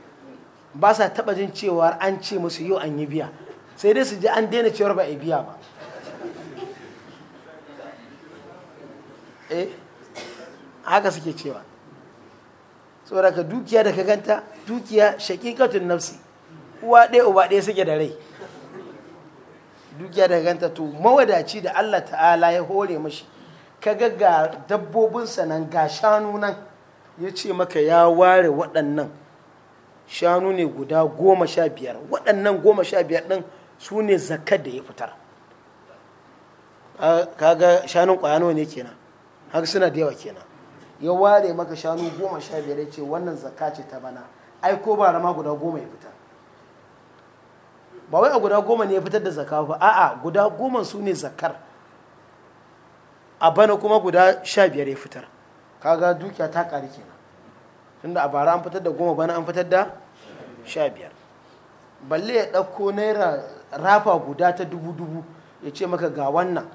ba sa taɓa jin cewa an ce musu yau an yi biya sai dai su ji an daina cewar ba a biya ba eh haka suke cewa saboda daga dukiya da ka ganta dukiya shakikatun nafsi uwa ɗaya uba ɗaya suke da rai dukiya da ganta to mawadaci da Allah ta'ala ya hore mashi ka ga ga dabbobinsa nan ga shanu nan ya ce maka ya ware waɗannan shanu ne guda goma sha biyar waɗannan goma sha biyar ɗin su ne zakar da ya fitar kaga shanun ƙwayano ne kenan har suna da yawa kenan ya ware maka shanu goma sha biyar ce wannan zakka ce ta bana ai ko ba rama guda goma ya fitar ba wai a guda goma ne ya fitar da zakka ba a'a guda goma su ne zakkar a bana kuma guda sha biyar ya fitar kaga dukiya ta ƙari kenan tunda a bara an fitar da goma bana an fitar da sha biyar balle ya ɗauko naira rafa guda ta dubu dubu ya ce maka ga wannan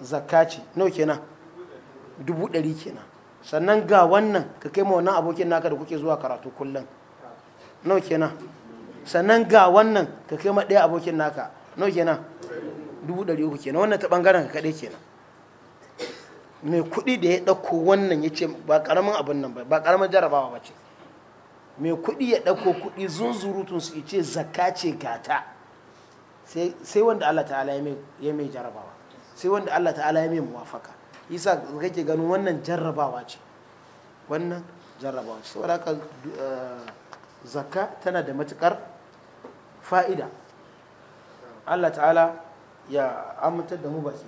zakka ce nau kenan dubu ɗari kenan sannan ga wannan ka kai ma wannan abokin naka da kuke zuwa karatu kullum nau kenan sannan ga wannan ka kai ma ɗaya abokin naka nau kenan dubu ɗari uku kenan wannan ta ɓangaren ka kaɗai kenan mai kuɗi da ya ɗauko wannan ya ce ba ƙaramin abin nan ba ba ƙaramin jarabawa ba ce mai kuɗi ya ɗauko kuɗi zunzurutun su ce zakka ce gata sai wanda Allah ta'ala ya mai jarabawa sai wanda Allah ta'ala ya mai muwafaka isa kake ganin wannan jarrabawa ce wannan jarrabawa ce saboda haka eh, zakka tana da matukar fa'ida Allah ta'ala ya amintar da mu baki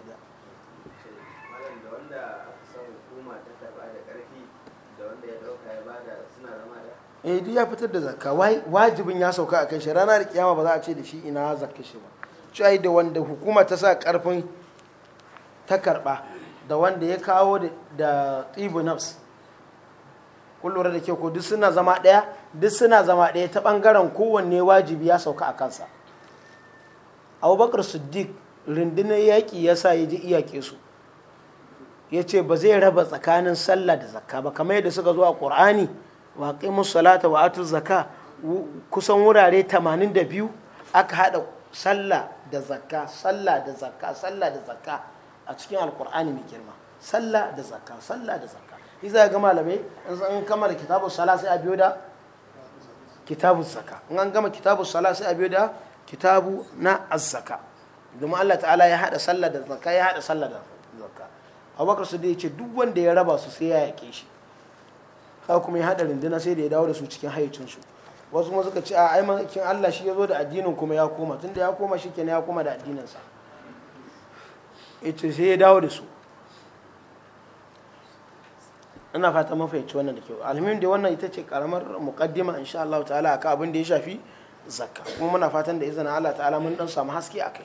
eh duk ya fitar da zakka wajibin ya sauka a kan shi ranar kiyama ba za a ce da shi ina zakka shi ba ci ai da wanda hukuma ta sa karfin ta karba da wanda ya kawo da tsibu nafs da ke ko duk suna zama daya duk suna zama ɗaya ta bangaren kowanne wajibi ya sauka a kansa abubakar siddiq rundunar yaƙi ya sa ya ji iyake su yace ba zai raba tsakanin sallah da zakka ba kamar yadda suka zo a ƙur'ani wa aqimus salata wa atuz zaka kusan wurare 82 aka hada sallah da zakka sallah da zakka sallah da zakka a cikin alkur'ani mai girma sallah da zakka sallah da zakka shi zai ga malamai in an gama da kitabun sala sai a biyo da kitabun zakka in an gama kitabun sala sai a biyo da kitabu na azzaka domin Allah ta'ala ya hada sallah da zakka ya hada sallah da zakka Abubakar Siddiq ya ce duk wanda ya raba su sai ya yake shi haka kuma ya haɗa rinduna sai da ya dawo da su cikin hayyacinsu wasu kuma suka ce a ai Allah shi ya zo da addinin kuma ya koma tunda ya koma shi kenan ya koma da addininsa ita sai ya dawo da su ina fata mafaici wannan da kyau alhamdulillah da wannan ita ce karamar muqaddima insha Allah ta'ala akan abin da ya shafi zakka kuma muna fatan da izinin Allah ta'ala mun dan samu haske akai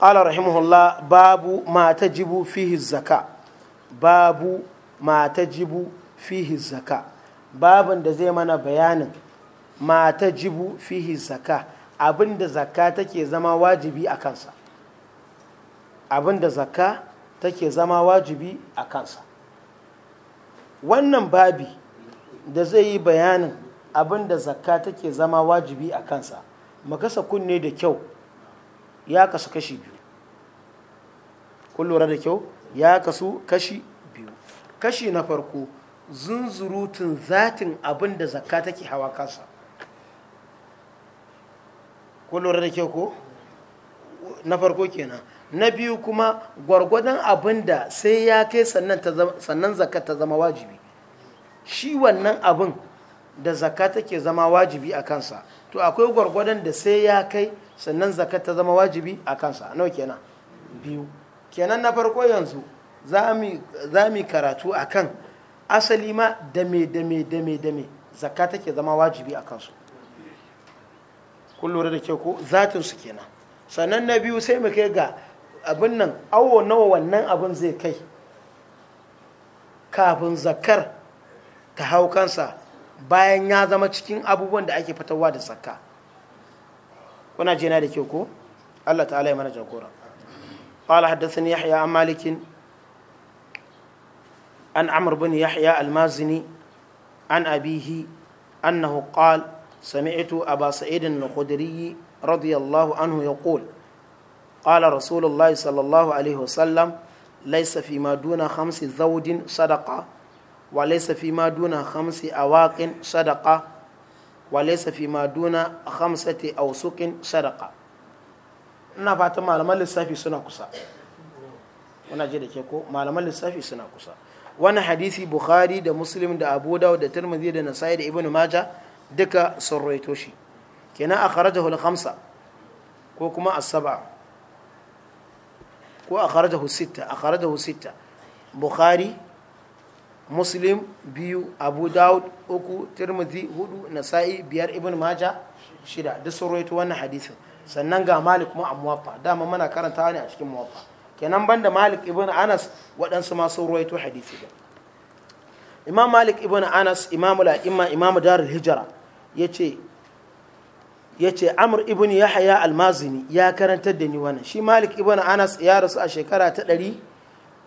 قال رحمه الله باب ما تجب فيه الزكاة باب ما تجب fihi zaka babin da zai mana bayanin mata jibu fihi zaka abinda zaka take zama wajibi a kansa abinda take zama wajibi a kansa wannan babi da zai yi bayanin abinda zaka take zama wajibi a kansa makasa kunne da kyau ya kasu kashi biyu kun da kyau ya kasu kashi biyu kashi na farko zunzurutun zatin abin da zakka take hawa kasa ko lura da kyau ko na farko kenan na biyu kuma gwargwadon abin da sai ya kai sannan zakka ta zama wajibi shi wannan abin da zakka take zama wajibi a kansa to akwai gwargwadon da sai ya kai sannan zakka ta zama wajibi a kansa nau kenan biyu kenan na farko yanzu za mu karatu akan asali ma dame dame dame dame zakka take zama wajibi a kansu kun lura da ke ko zatin su kenan sannan na biyu sai mu kai ga abin nan awo nawa wannan abin zai kai kafin zakar ta hau kansa bayan ya zama cikin abubuwan da ake fitarwa da zakka kuna jina da ke ko Allah ta'ala ya mana jagora قال حدثني يحيى عن مالك عن عمرو بن يحيى المازني عن أبيه أنه قال سمعت أبا سعيد الخدري رضي الله عنه يقول قال رسول الله صلى الله عليه وسلم ليس فيما دون خمس زوج صدقة وليس فيما دون خمس أواق صدقة وليس فيما دون خمسة أوسق صدقة ina fatan malaman lissafi suna kusa kuna ji da ke ko malaman lissafi suna kusa wani hadisi bukhari da muslim da abu dawud da tirmidhi da nasai da ibnu maja duka sun rawaito shi kenan akhrajahu al-khamsa ko kuma as-sab'a ko akhrajahu sitta akhrajahu sitta bukhari muslim biyu abu dawud uku tirmidhi hudu nasa'i biyar ibn maja shida duk sun rawaito wannan hadisin sannan ga malik kuma a muwaffa dama mana karanta ne a cikin muwaffa kenan banda malik ibn anas waɗansu masu ruwaito hadisi ba. imam malik ibn anas imamu la'imma imamu darul hijira ya ce ya ce amur ibn yahya almazini ya karantar da ni wannan shi malik ibn anas ya rasu a shekara ta ɗari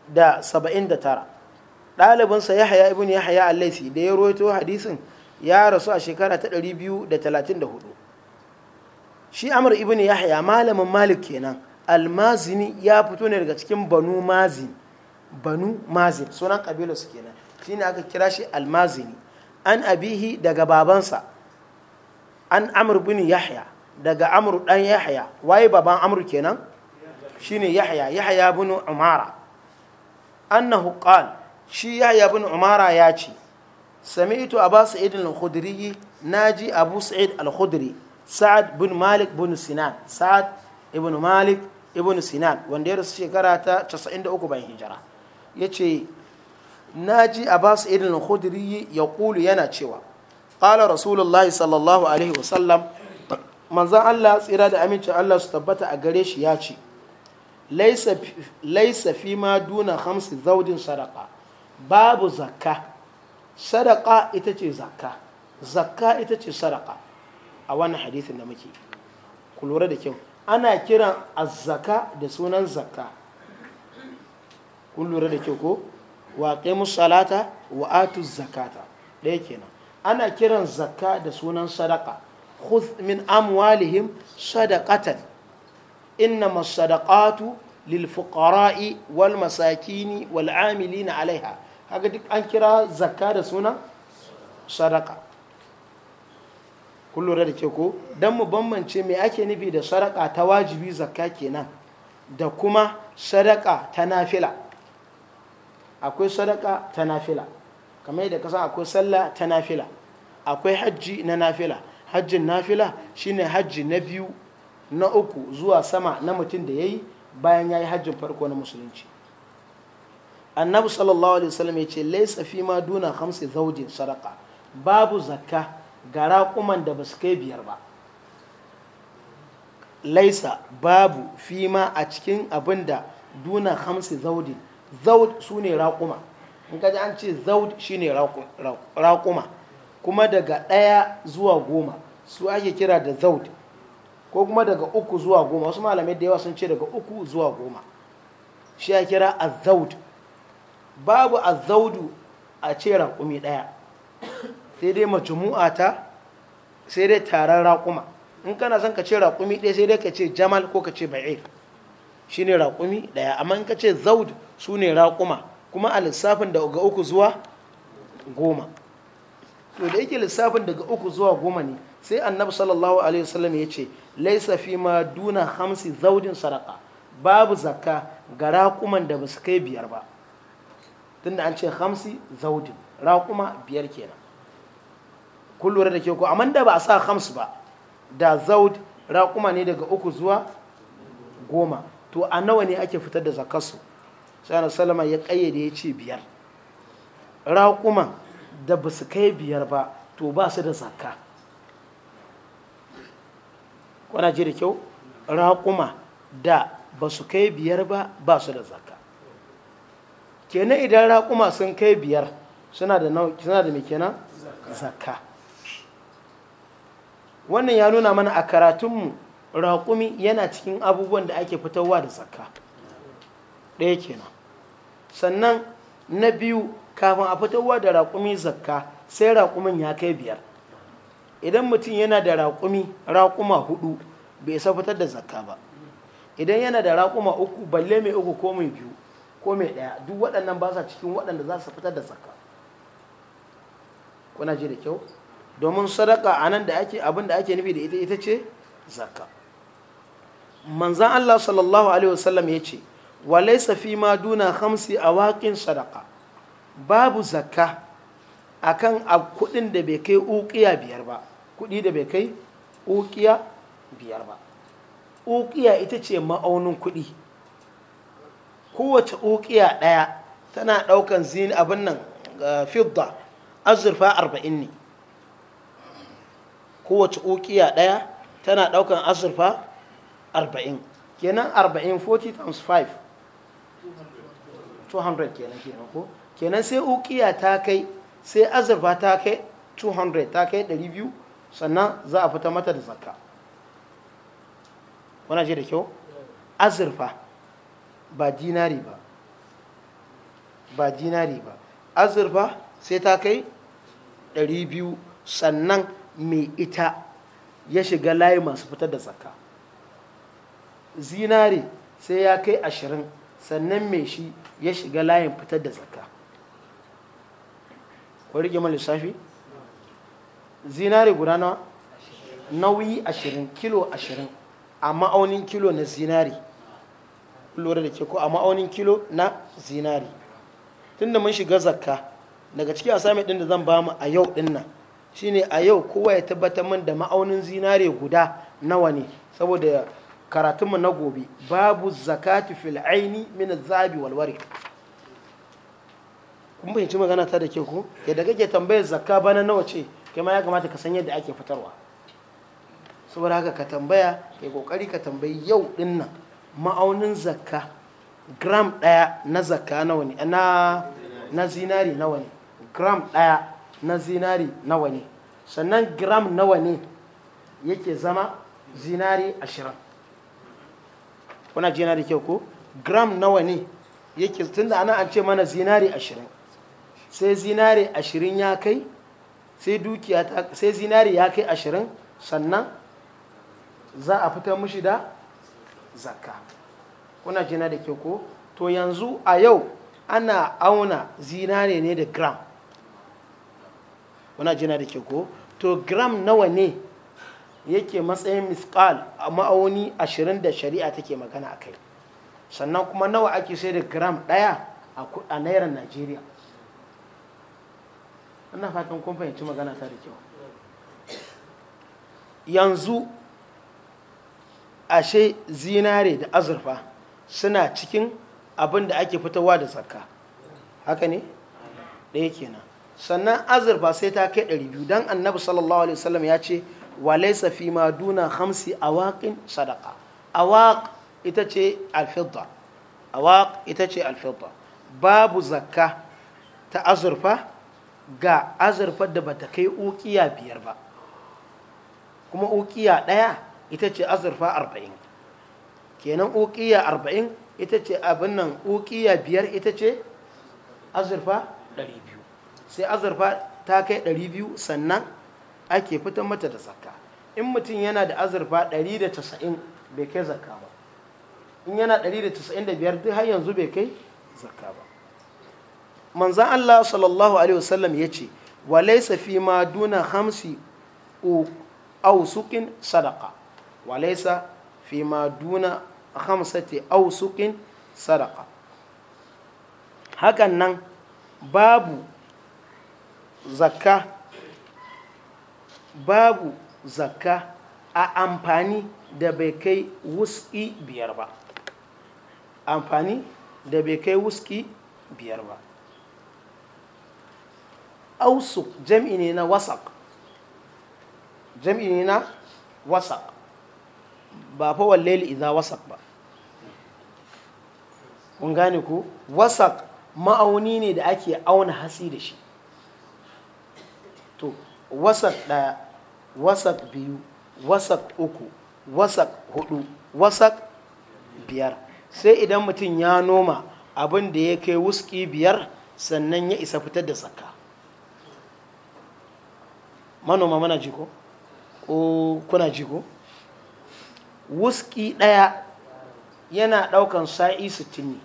da saba'in da tara ɗalibinsa yahaya ibn a allaisi da ya ruwaito hadisin ya rasu a shekara ta ɗari biyu da talatin da hudu shi amur ibn yahaya malamin malik kenan almazini ya fito ne daga cikin banu mazin banu mazin sunan kabila su kenan shine aka kira shi almazini an abihi daga babansa an amur bin yahya daga amur dan yahya waye baban amur kenan shine yahya yahya bin umara annahu qala shi yahya bin umara ya ce sami'tu abu sa'id al-khudri naji abu sa'id al-khudri sa'ad bin malik bin sinan sa'ad ibn malik ibn sinan wanda ya rasu shekara ta 93 bayan hijira ya ce na ji abbas idin khudri ya kulu yana cewa ƙala rasulullahi sallallahu alaihi wasallam manzan allah tsira da amincin allah su tabbata a gare shi ya ce laisa fi ma duna hamsi zaudin sadaka babu zakka sadaka ita ce zakka zakka ita ce sadaka a wannan hadisin da muke ku lura da kyau ana kiran azzaka da sunan zakka kun lura da ke ko wa musalata wa atu zakata ɗaya kenan ana kiran zakka da sunan sadaka khudh min amwalihim sadaqatan innama sadaqatu lil fuqara'i wal masakini wal amilina alaiha haka duk an kira zakka da sunan sadaka kun da ke ko don mu bambance me ake nufi da sadaka ta wajibi zakka kenan da kuma sadaka ta nafila akwai sadaka ta nafila kamar yadda kasan akwai sallah ta nafila akwai hajji na nafila hajjin nafila shine hajji na biyu na uku zuwa sama na mutum da ya yi bayan ya yi hajjin farko na musulunci annabi sallallahu alaihi wasallam ya ce laisa fi ma duna khamsi zaujin sadaka babu zakka ga raƙuman da ba su kai biyar ba laisa babu fima a cikin abin da duna hamsi zaudi zaud su ne raƙuma in kaji an ce zaud shi ne raƙuma kuma daga ɗaya zuwa goma su ake kira da zaud ko kuma daga uku zuwa goma wasu malamai da yawa sun ce daga uku zuwa goma shi ya kira a azaud babu a zaudu a ce raƙumi ɗaya sai dai majumu'a ta sai dai taron raƙuma in kana son ka ce raƙumi ɗaya sai dai ka ce jamal ko ka ce ba'ir shi ne raƙumi ɗaya amma in ka ce zaud su ne raƙuma kuma a lissafin daga uku zuwa goma to da yake lissafin daga uku zuwa goma ne sai annabi sallallahu alaihi wasallam ya ce laisa fi ma duna hamsi zaudin saraka babu zakka ga raƙuman da ba su kai biyar ba tunda an ce hamsi zaudin raƙuma biyar kenan kun da ke ko amma da ba a sa hams ba da zaud raƙuma ne daga uku zuwa goma to a nawa ne ake fitar da zakasu sai na salama ya ƙayyade ya ce biyar raƙuma da ba su kai biyar ba to ba su da zakka kuna ji da kyau raƙuma da ba su kai biyar ba ba su da zakka kenan idan raƙuma sun kai biyar suna da mai kenan zakka wannan ya nuna mana a karatunmu raƙumi yana cikin abubuwan da ake fitowa da zakka ɗaya kenan sannan na biyu kafin a fitowa da raƙumi zakka sai raƙumin ya kai biyar idan mutum yana da raƙumi raƙuma hudu bai isa fitar da zakka ba idan yana da raƙuma uku balle mai uku ko mai biyu ko mai ɗaya duk waɗannan ba sa cikin waɗanda za su fitar da zakka kuna ji da kyau domin sadaka a nan da ake abin da ake nufi da ita ita ce zakka manzan Allah sallallahu alaihi wasallam ya ce wa laisa fi ma duna a waƙin sadaka babu zakka akan kuɗin da bai kai ukiya biyar ba kuɗi da bai kai ukiya biyar ba uƙiya ita ce ma'aunin kuɗi kowace uƙiya ɗaya tana ɗaukan zin abin nan eh, fidda azurfa arba'in ne kowace ukiya ɗaya tana ɗaukan azurfa 40 kenan 40 40 times 5 200 kenan kenan ko kenan sai ukiya ta kai sai azurfa ta kai 200 ta kai 200 sannan za a fita mata da zakka wana je da kyau azurfa ba dinari ba ba dinari ba azurfa sai ta kai 200 sannan mai ita ya shiga layi masu fitar da tsaka zinare sai ya kai ashirin sannan mai shi ya shiga layin fitar da tsaka kwari gima lissafi zinare guda nawa nauyi ashirin kilo ashirin a ma'aunin kilo na zinare lura da ke ko a ma'aunin kilo na zinare tunda mun shiga zakka daga ciki a sami ɗin da zan ba mu a yau dinnan. shine a yau kowa ya tabbatar min da ma'aunin zinare guda nawa ne saboda karatunmu na gobe babu zakatu fil aini min zabi walwari kun fahimci magana ta da ke ya yadda kake tambayar zakka bana nawa ce kai ma ya kamata ka san yadda ake fitarwa saboda haka ka tambaya kai kokari ka tambayi yau din nan ma'aunin zakka gram daya na zakka nawa ne na na zinari nawa ne gram daya na zinari nawa ne sannan gram nawa ne yake zama zinari ashirin kuna jina da kyau ko gram nawa ne yake tunda ana an ce mana zinari ashirin sai zinari ashirin ya kai sai dukiya ta sai zinari ya kai ashirin sannan za a fitar mushi da zakka kuna jina da kyau ko to yanzu a yau ana auna zinari ne da gram wana jina da ke ko to gram nawa ne yake matsayin misqal a ma'auni ashirin da shari'a take magana a sannan kuma nawa ake sai da gram daya a naira najeriya ina fatan kun fahimci magana ta da kyau yanzu ashe zinare da azurfa suna cikin abin da ake fitowa da zakka haka ne ɗaya kenan sannan azurfa sai ta kai biyu dan annabi sallallahu alaihi wasallam ya ce wa laisa fi ma duna khamsi awaqin sadaqa awaq ita ce alfidda awaq ita ce alfidda babu zakka ta azurfa ga azurfa da bata kai ukiya biyar ba kuma ukiya ɗaya ita ce azurfa arba'in kenan ukiya arba'in ita ce abin nan ukiya biyar ita ce azurfa ɗari sai azurfa ta kai 200 sannan ake fitan mata da zakka in mutum yana da azurfa 190 bai kai zakka ba in yana 195 duk har yanzu bai kai zakka ba manzan Allah sallallahu alaihi wasallam ya ce wa laisa fi ma duna hamsi ausukin sadaka wa laisa fi ma duna hamsati ausukin sadaka hakan nan babu zakka babu zakka a amfani da bai kai wuski biyar ba amfani da bai kai wuski biyar ba ausu jam'i ne na wasak jam'i ne na wasak ba fa wallaili idan wasak ba kun gane ku wasak ma'auni ne da ake auna hatsi da shi to wasak ɗaya wasak biyu wasak uku wasak hudu wasak biyar sai idan mutum ya noma abin da ya kai wuski biyar sannan ya isa fitar da saka manoma mana jiko ko kuna jiko wuski ɗaya yana ɗaukan sa'i sittin ne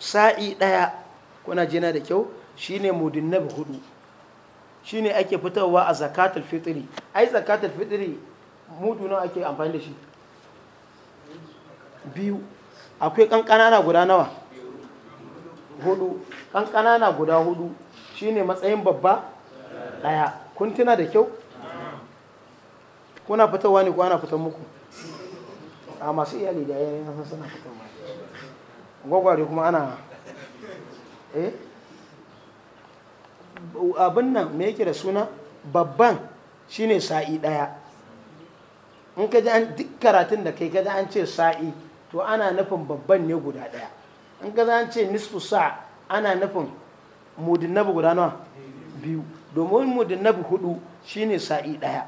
sa'i ɗaya kuna jina da kyau shine na hudu shine ake fitarwa a zakatul fitri ai zakatul fitri mudu nawa ake amfani da shi biyu akwai kankanana guda nawa hudu kankanana guda hudu shine matsayin babba daya kun tuna da kyau kuna fitarwa ne ko ana fitar muku a masu iyali da yayin suna fitarwa gwagware kuma ana eh abin nan me yake da suna babban shine sa'i ɗaya in ka ji duk karatun da kai kaji an ce sa'i to ana nufin babban ne guda ɗaya in ka an ce nisfu sa ana nufin mudinnabu guda nawa biyu domin mudinnabu hudu shine sa'i ɗaya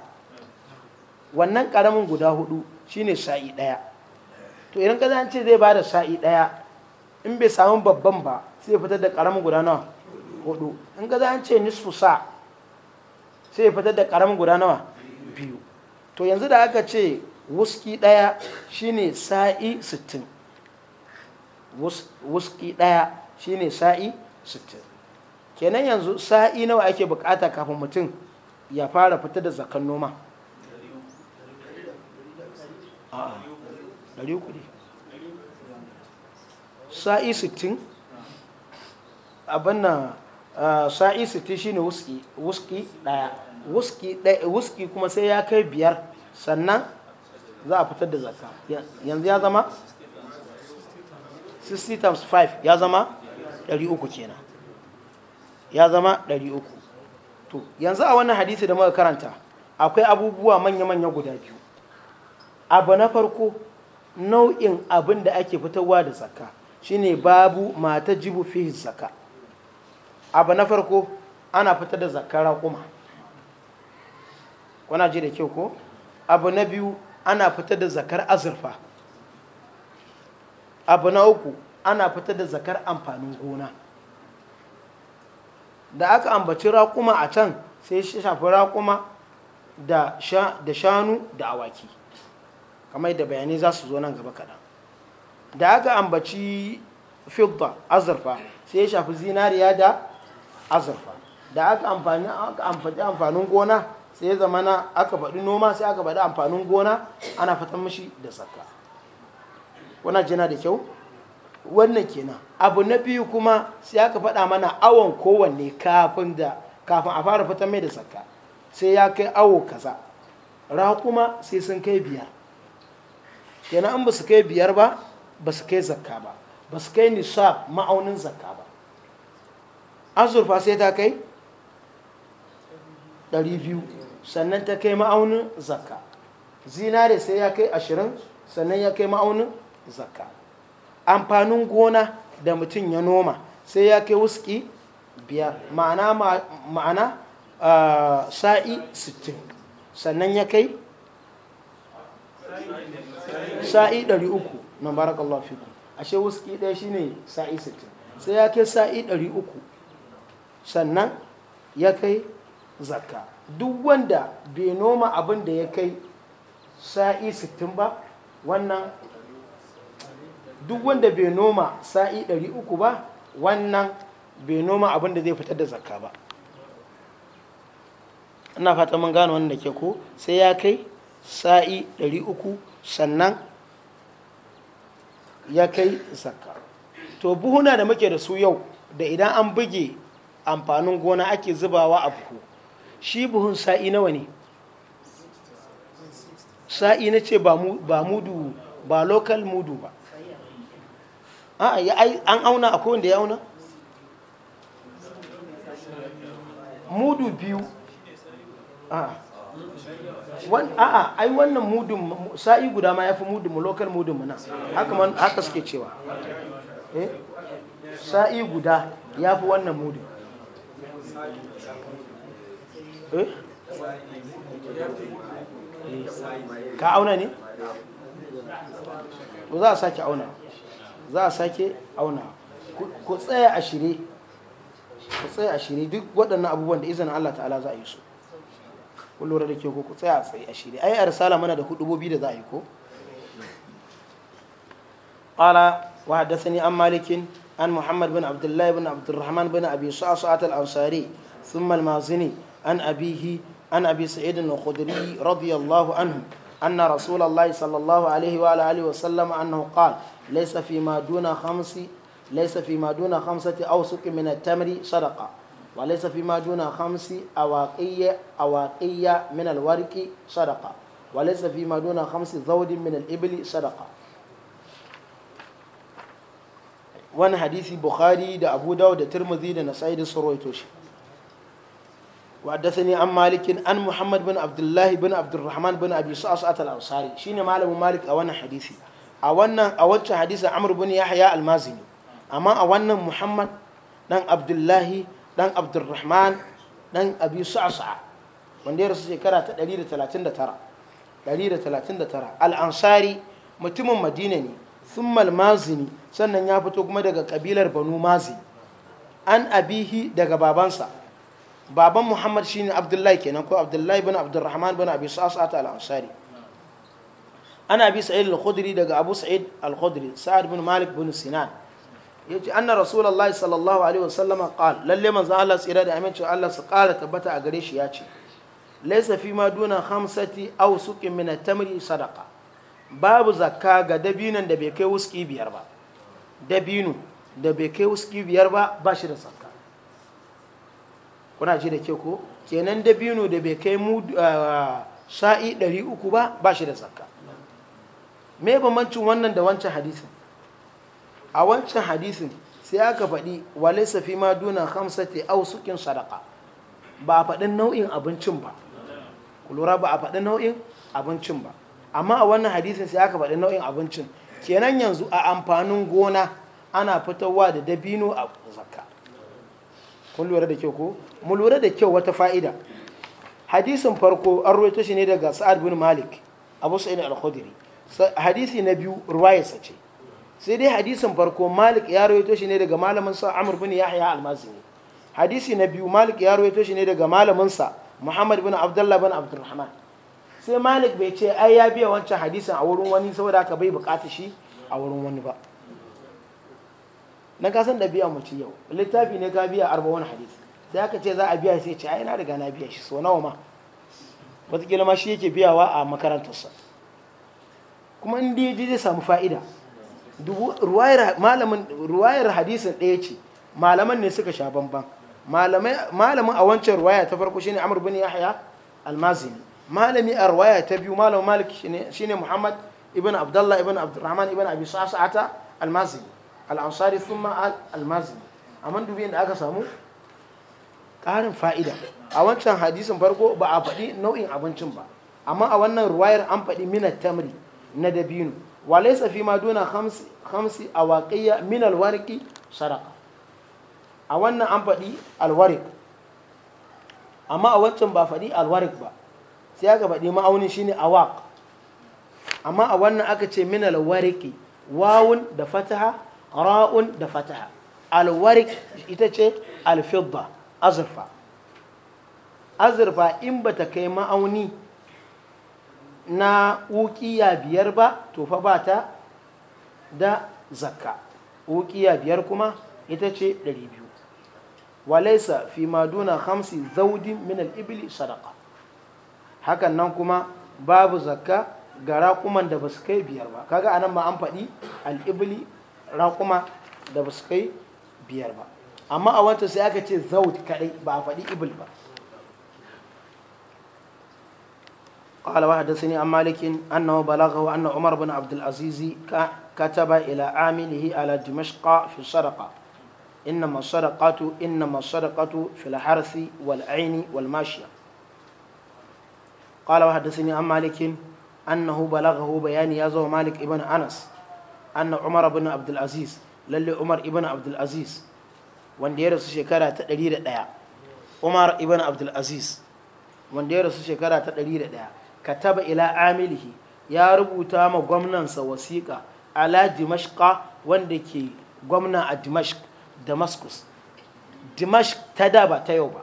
wannan karamin guda hudu shine sa'i ɗaya to idan ka an ce zai ba da sa'i ɗaya in bai samu babban ba sai fitar da karamin guda nawa hudu in ga za an ce nisfu sa sai ya fitar da karamin guda nawa biyu to yanzu da aka ce wuski ɗaya shine sa'i 60 wuski ɗaya shine sa'i 60 kenan yanzu sa'i nawa ake bukata kafin mutum ya fara fitar da zakan noma sa'i 60 abin na sa'i sittin shine wuski wuski daya wuski wuski kuma sai ya kai biyar sannan za a fitar da zakka yanzu ya zama 60 times 5 ya zama 300 kenan ya zama 300 to yanzu a wannan hadisi da muka karanta akwai abubuwa manya-manya guda biyu abu na farko nau'in abin da ake fitarwa da zakka shine babu mata jibu fi zakka abu na farko ana fitar da zakar raƙuma kuna ji da kyau ko abu na biyu ana fitar da zakar azurfa abu na uku ana fita da zakar amfanin gona da aka ambaci raƙuma a can sai shafi raƙuma da shanu da awaki kamar da bayanai za su zo nan gaba kaɗan da aka ambaci fidda azurfa sai shafi zinariya da azurfa da aka amfani amfani amfanin gona sai zama na aka faɗi noma sai aka faɗi amfanin gona ana fatan mashi da zakka wana jina da kyau wannan kenan abu na biyu kuma sai aka faɗa mana awon kowanne kafin da kafin a fara fatan mai da zakka sai ya kai awo kaza ra kuma sai sun kai biyar kenan an ba su kai biyar ba ba su kai zakka ba ba su kai nisab ma'aunin zakka ba azurfa sai ta kai 200 sannan ta kai ma'aunin zakka zinare sai ya kai 20 sannan ya kai ma'aunin zakka amfanin gona da mutum ya noma sai ya kai wuski biyar ma'ana ma'ana sa'i 60 sannan ya kai sa'i 300 na barakallafi ashe wuski ɗaya shine sa'i 60 sai ya kai sa'i 300 sannan ya kai zakka duk wanda bai noma abin da ya kai sa'i 60 ba wannan duk wanda bai noma sa'i 300 ba wannan bai noma abin da zai fitar da zakka ba ina fata mun gano wanda ke ko sai ya kai sa'i 300 sannan ya kai zakka to buhuna da muke da su yau da idan an buge amfanin gona ake zubawa a buhu shi buhun sa'i nawa ne sa'i na ce ba mudu ba local mudu ba an auna a wanda ya auna mudu biyu a'a ai wannan mudun sa'i guda ma ya fi mudun mu lokal mudun mu nan haka suke cewa eh? sa'i guda ya fi wannan mudun Eh? ka auna ne? za a sake auna za a sake auna ku tsaya a shirye ku tsaya a shirye duk waɗannan abubuwan da izinin Allah ta'ala za a yi su ku lura da ke ku tsaya a tsaye a shirye ayi a risala mana da hudubobi da za a yi ko qala wa haddathani an malikin عن محمد بن عبد الله بن عبد الرحمن بن أبي صعصعة الأنصاري ثم المازني عن أبيه عن أبي سعيد الخدري رضي الله عنه أن رسول الله صلى الله عليه وعلى آله وسلم أنه قال ليس فيما دون خمس ليس فيما دون خمسة أوسق من التمر صدقة وليس فيما دون خمس أواقية أواقية من الورك صدقة وليس فيما دون خمس ذود من الإبل صدقة wani hadisi bukhari da abu da turmuzi da nasa'i da tsoroito shi wadda sani an malikin an muhammad bin abdullahi bin abdurrahman bin abu sa'asu atal ausari shi ne malamin malik a wannan hadisi a wannan a wancan hadisi amur bin ya haya almazini amma a wannan muhammad dan abdullahi dan abdurrahman dan abu sa'asu wanda ya rasu shekara ta 139 al-ansari mutumin madina ne thummal mazini sannan ya fito kuma daga kabilar banu mazi an abihi daga babansa baban muhammad shine abdullahi kenan ko abdullahi bin abdurrahman bin abi sa'at al-ansari ana bi sa'id al-khudri daga abu sa'id al-khudri sa'ad bin malik bin sinan yace anna rasulullahi sallallahu alaihi wasallama qala lalle manzo Allah tsira da amincin Allah su kara tabbata a gare shi yace laysa fi ma duna khamsati aw suqin min at-tamri sadaqa babu zakka ga dabinon da bai kai wuski biyar ba dabino da bai kai wuski biyar ba ba shi da zakka kuna ji da ke ko kenan dabino da bai kai mu ah, sa'i 300 ba ba shi da zakka me bambancin wannan da wancan hadisin a wancan hadisin sai aka faɗi walaisa fi ma duna hamsati au sukin sadaka ba a faɗin nau'in abincin ba kulura ba a faɗin nau'in abincin ba amma a wannan hadisin sai aka faɗi nau'in abincin kenan yanzu a amfanin gona ana fitowa da dabino a zakka kun lura da kyau ko mu lura da kyau wata fa'ida hadisin farko an ruwaito shi ne daga sa'ad bin malik abu sa'id al-khudri hadisi na biyu ruwayarsa ce sai dai hadisin farko malik ya ruwaito shi ne daga malamin sa amr bin yahya al-mazini hadisi na biyu malik ya ruwaito shi ne daga malamin sa muhammad bin abdullah bin abdurrahman sai malik bai ce ai ya biya wancan hadisin a wurin wani saboda haka bai bukata shi a wurin wani ba na kasan da biya mutu yau littafi ne ka biya arba wani hadis sai aka ce za a biya sai ce ai na riga na biya shi so nawa ma wataƙila ma shi yake biyawa a makarantarsa kuma in da zai samu fa'ida ruwayar hadisin ɗaya ce malaman ne suka sha bambam malamin a wancan ruwaya ta farko shine amr bin yahya almazini malami a ruwaya ta biyu malam malik shine muhammad ibn abdullah ibn abdurrahman ibn abi sa'ata almazini al-ansari thumma al-almazini amma dubi inda aka samu ƙarin fa'ida a wancan hadisin farko ba a faɗi nau'in abincin ba amma a wannan ruwayar an faɗi minat tamri na dabino walaisa fi ma duna hamsi a waƙiyya min alwariki saraka a wannan an faɗi alwarik amma a wancan ba faɗi alwarik ba sai aka ma'auni ma'aunin shine awaq amma a wannan aka ce min alwariki wawun da fataha ra'un da fataha alwarik ita ce alfidda azurfa azurfa in bata kai ma'auni na ukiya biyar ba to fa ba ta da zakka ukiya biyar kuma ita ce 200 walaisa fi maduna hamsi zaudi min al-ibli sadaqa hakan nan kuma babu zakka ga raƙuman da ba su kai biyar ba kaga anan ma an faɗi al'ibili raƙuma da ba su kai biyar ba amma a wancan sai aka ce zaut kaɗai ba a faɗi ibil ba قال وحدثني عن مالك أنه بلغه أن عمر بن عبد العزيز كتب إلى عامله على دمشق في الصدقة إنما الصدقة إنما الصدقة في الحرث والعين والماشية قال وحدثني عن مالك أنه بلغه بيان يازو مالك ابن أنس أن عمر بن عبد العزيز للي عمر ابن عبد العزيز wanda ya rasu shekara ta 101 umar ibn abdulaziz wanda ya rasu shekara ta 101 kataba ila amilihi ya rubuta ma gwamnansa wasiƙa ala dimashqa wanda ke gwamna a dimashq damascus dimashq ta da ba ta yau ba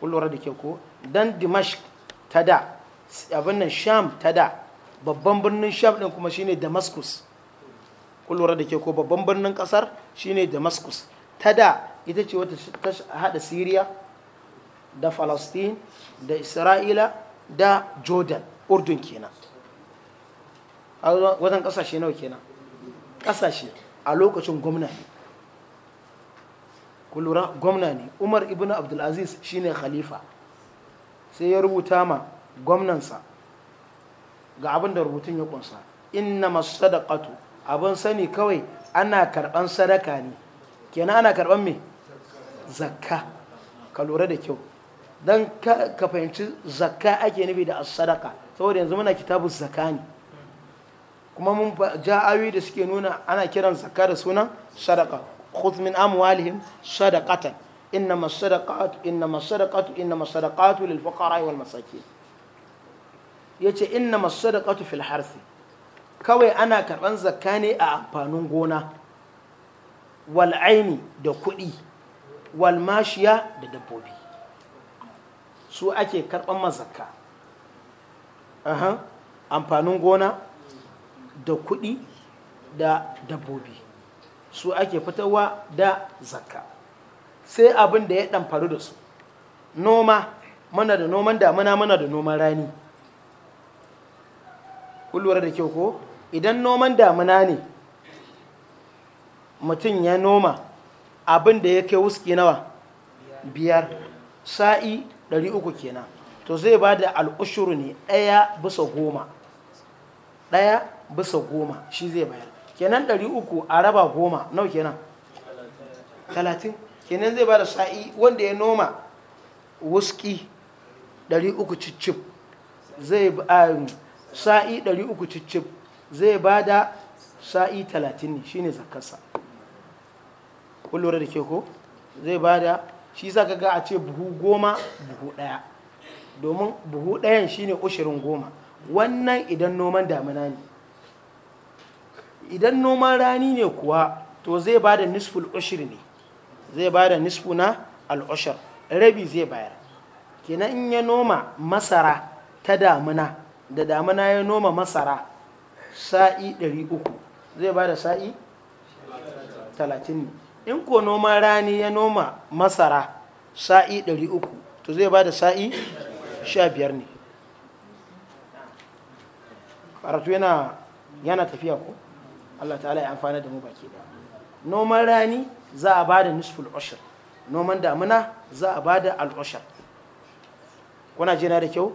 kullura ko dan ta da abin nan sham ta da babban birnin sham din kuma shine damascus kun da ke ko babban birnin kasar shine damascus ta da ita ce wata ta hada syria da palestine da isra'ila da jordan urdun kenan wajen kasashe nawa kenan kasashe a lokacin gwamna ne kun gwamna ne umar ibn abdulaziz shine khalifa sai ya rubuta ma gwamnansa ga abin da rubutun ya kunsa inna masu sadakatu abin sani kawai ana karban sadaka ne kenan ana karban me zakka ka lura da kyau don ka fahimci zakka ake nufi da sadaka saboda yanzu muna kitabu zakka ne kuma mun ja ayoyi da suke nuna ana kiran zakka da sunan sadaka khudh min amwalihim inna sadaqatu inna sadaqatu lil fuqara wal masakin yace inna sadaqatu fil harth kawai ana karɓan zakka ne a amfanin gona wal aini da kuɗi wal da dabbobi su ake karban mazakka amfanin gona da kuɗi da dabbobi su ake fitarwa da zakka sai abin da ya ɗan faru da su noma mana da noman damuna mana da noman rani kullura da kyau ko idan noman damuna ne mutum ya noma abin da ya kai wuski nawa biyar sa'i 300 kenan to zai ba da al'ushuru ne ɗaya bisa goma ɗaya bisa goma shi zai bayar kenan 300 a raba goma nau kenan 30 kenan zai ba da sa'i wanda ya noma wuski 300 cicif zai sa'i 300 cicif zai ba da um, sa'i 30 ne shine zakarsa kun da ke ko zai da shi za ka ga a ce buhu goma buhu ɗaya domin buhu ɗayan shine ushirin goma wannan idan noman damina ne idan noman rani ne kuwa to zai ba da nisful ushir ne zai ba da nisfu na al'ashar rabi zai bayar kenan in ya noma masara ta damuna da damuna ya noma masara sa'i 300 zai ba da sa'i 30 ne in ko noma rani ya noma masara sa'i 300 to zai ba da sa'i 15 ne karatu yana tafiya ko Allah ta'ala ya amfana da mu baki daya noman rani za a ba da nisful ushur noman damuna za a ba da al'ushur kuna jina da kyau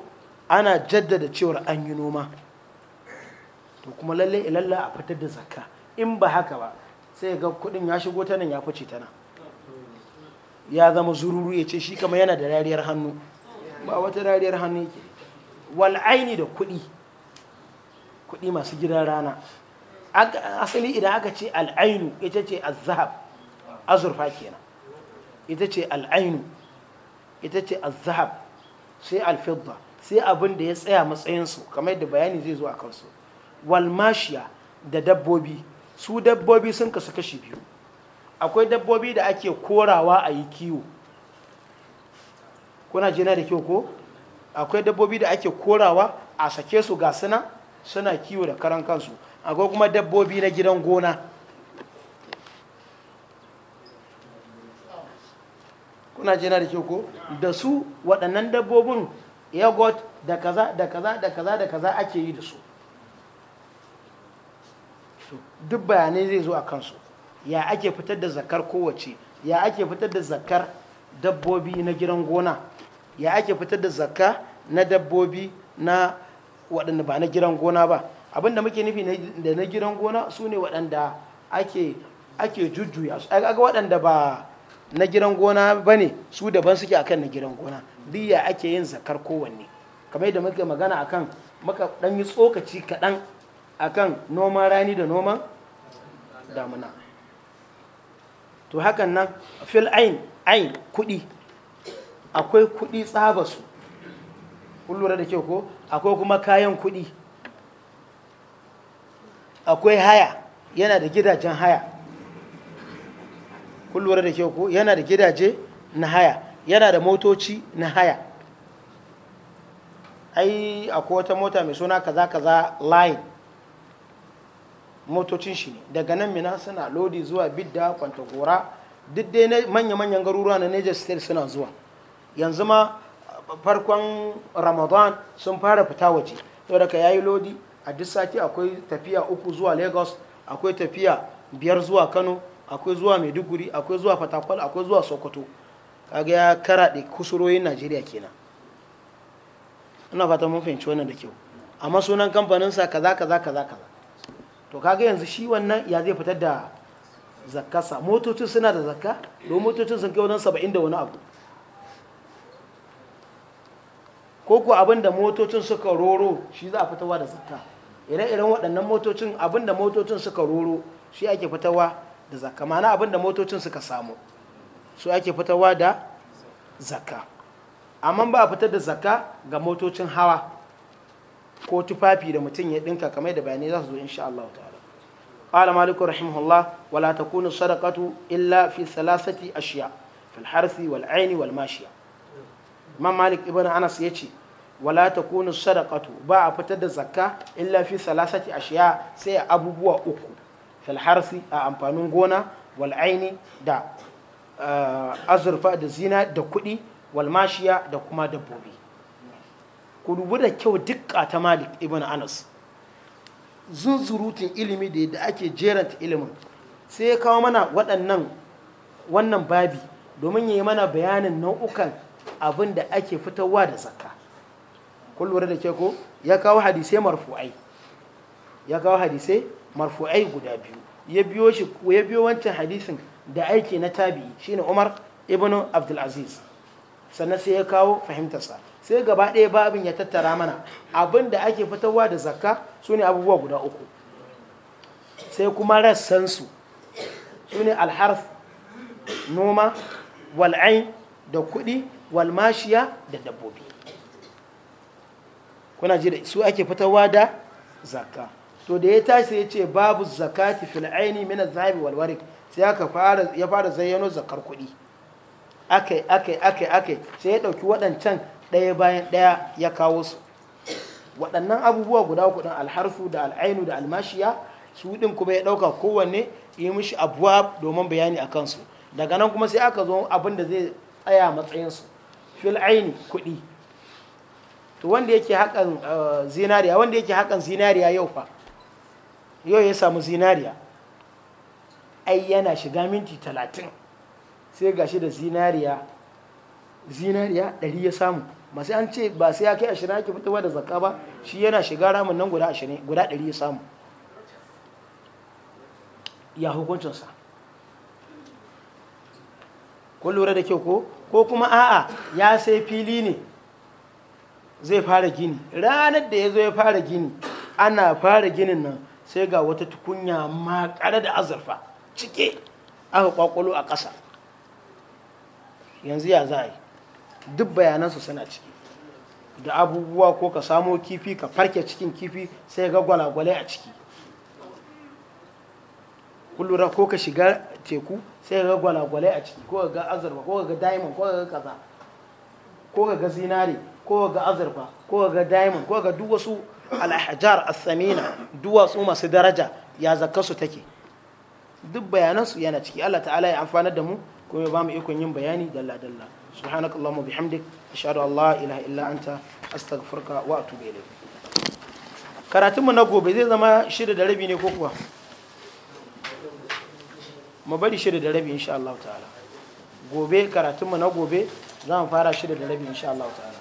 ana jaddada cewar an yi noma to kuma lalle ilalla a fitar da zakka in ba haka ba sai ga kudin ya shigo ta nan ya fice ta ya zama zururu ya ce shi kama yana da rariyar hannu ba wata rariyar hannu yake wal aini da kudi kudi masu gidan rana asali idan aka ce al'ainu ita ce azhab azurfa kenan ita ce al'ainu ita ce azhab sai alfidda sai abin da ya tsaya matsayin su kamar da bayani zai zo a kansu walmashiya da dabbobi su dabbobi sun kasu kashi biyu akwai dabbobi da ake korawa a yi kiwo kuna jina da kyau ko akwai dabbobi da ake korawa a sake su ga suna suna kiwo da karan kansu akwai kuma dabbobi na gidan gona kuna jina da kyau ko da su waɗannan dabbobin yagot da kaza da kaza da kaza da kaza ake yi da su duk bayanai zai zo a kansu ya ake fitar da zakar kowace ya ake fitar da zakar dabbobi na gidan gona ya ake fitar da zakka na dabbobi na waɗanda ba na gidan gona ba abin muke nufi da na gidan gona su ne waɗanda ake ake jujjuya su aga waɗanda ba na gidan gona ba ne su daban suke akan na gidan gona diya ake yin zakar kowanne kamar yadda muke magana akan maka ɗan yi tsokaci kaɗan akan noman rani da noman damuna to hakan nan fil ain ain kuɗi akwai kuɗi tsaba su kun da kyau ko akwai kuma kayan kuɗi akwai haya yana da gidajen haya kullum da ke ko yana da gidaje na haya yana da motoci na haya ai akwai wata mota mai suna kaza kaza line motocin shi ne daga nan mina suna lodi zuwa bidda kwantagora duk dai manya-manyan garuruwa na niger state suna zuwa yanzu ma farkon ramadan sun fara fita waje saboda ka yayi lodi a duk sati akwai tafiya uku zuwa lagos akwai tafiya biyar zuwa kano akwai zuwa maiduguri akwai zuwa fatakwal akwai zuwa sokoto kaga ya karaɗe kusuroyin najeriya kenan ina fata mun fahimci wannan da kyau amma sunan kamfaninsa kaza kaza kaza kaza to kaga yanzu shi wannan ya zai fitar da zakkasa. motocin suna da zakka don motocin sun kai wajen saba'in da wani abu ko ku abin da motocin suka roro shi za a fitowa da zakka ire-iren waɗannan motocin abinda motocin suka roro shi ake fitawa da zakka mana abinda motocin suka samu su ake fitawa da zakka amma ba a fitar da zakka ga motocin hawa ko tufafi da mutum ya ɗinka kamar da bayanai za su zo insha Allah ta'ala qala maliku rahimahullah wala takunu sadakatu illa fi thalathati ashiya fil harsi wal aini wal mashiya imam malik ibn anas ya ce. wala takunu sadaqatu ba a fitar da zakka illa fi salasati ashiya sai a abubuwa uku fil a amfanin gona wal aini da eh, azurfa da zina da kuɗi wal mashiya da kuma dabbobi ku dubi da kyau duk ta malik ibn anas zunzurutun ilimi da yadda ake jeranta ilimin sai ya kawo mana waɗannan wannan babi domin ya yi mana bayanin nau'ukan abin da ake fitarwa da zakka kun da ke ko ya kawo hadisai marfu'ai ya kawo hadisai marfu'ai guda biyu ya biyo shi ya biyo wancan hadisin da aiki na tabi shine Umar ibn Abdul Aziz sannan sai ya kawo fahimtarsa sai gaba ɗaya babin ya tattara mana abin da ake fitarwa da zakka su ne abubuwa guda uku sai kuma rassansu su ne alharf noma wal'ain da kuɗi walmashiya da dabbobi kuna ji da su ake fitarwa da zakka to da ya tashi ya ce babu zakati fil aini min zahabi wal warq sai aka fara ya fara zayyano zakar kuɗi akai akai akai akai sai ya dauki waɗancan ɗaya bayan ɗaya ya kawo su waɗannan abubuwa guda uku al alharfu da al'ainu da almashiya su ɗin kuma ya ɗauka kowanne yi mishi abuwa domin bayani a kansu daga nan kuma sai aka zo abin da zai tsaya su fil aini kuɗi to wanda yake hakan eh, zinariya wanda yake hakan zinariya yau fa yau ya samu zinariya ai yana shiga minti talatin sai gashi da zinariya zinariya ɗari ya samu masu an ce ba sai ya kai ashirin ake fitowa da zakka ba shi yana shiga ramin nan guda ashirin guda ɗari ya samu ya hukuncinsa ko lura da kyau ko ko kuma a'a ya sai fili ne zai fara gini ranar da ya zo ya fara gini ana fara ginin nan sai ga wata tukunya makare da azurfa cike aka kwakwalo a ƙasa yanzu ya za a yi duk bayanansu suna ciki da abubuwa ko ka samo kifi ka farke cikin kifi sai ga gwalagwale a ciki kullura ko ka shiga teku sai ga gwalagwale a ciki ko ga azurfa ko ga diamond ko ga kaza ko ga zinare ko ga azurfa ko ga diamond ko ga duk wasu alhajar asamina duwatsu masu daraja ya zakka su take duk bayanansu yana ciki Allah ta'ala ya amfanar da mu kuma ba mu ikon yin bayani dalla dalla subhanaka allahumma bihamdik ashhadu an la ilaha illa anta astaghfiruka wa atubu ilayk karatun mu na gobe zai zama shida da rabi ne ko kuwa mu bari shida da rabi insha Allah ta'ala gobe karatun mu na gobe za mu fara shida da rabi insha Allah ta'ala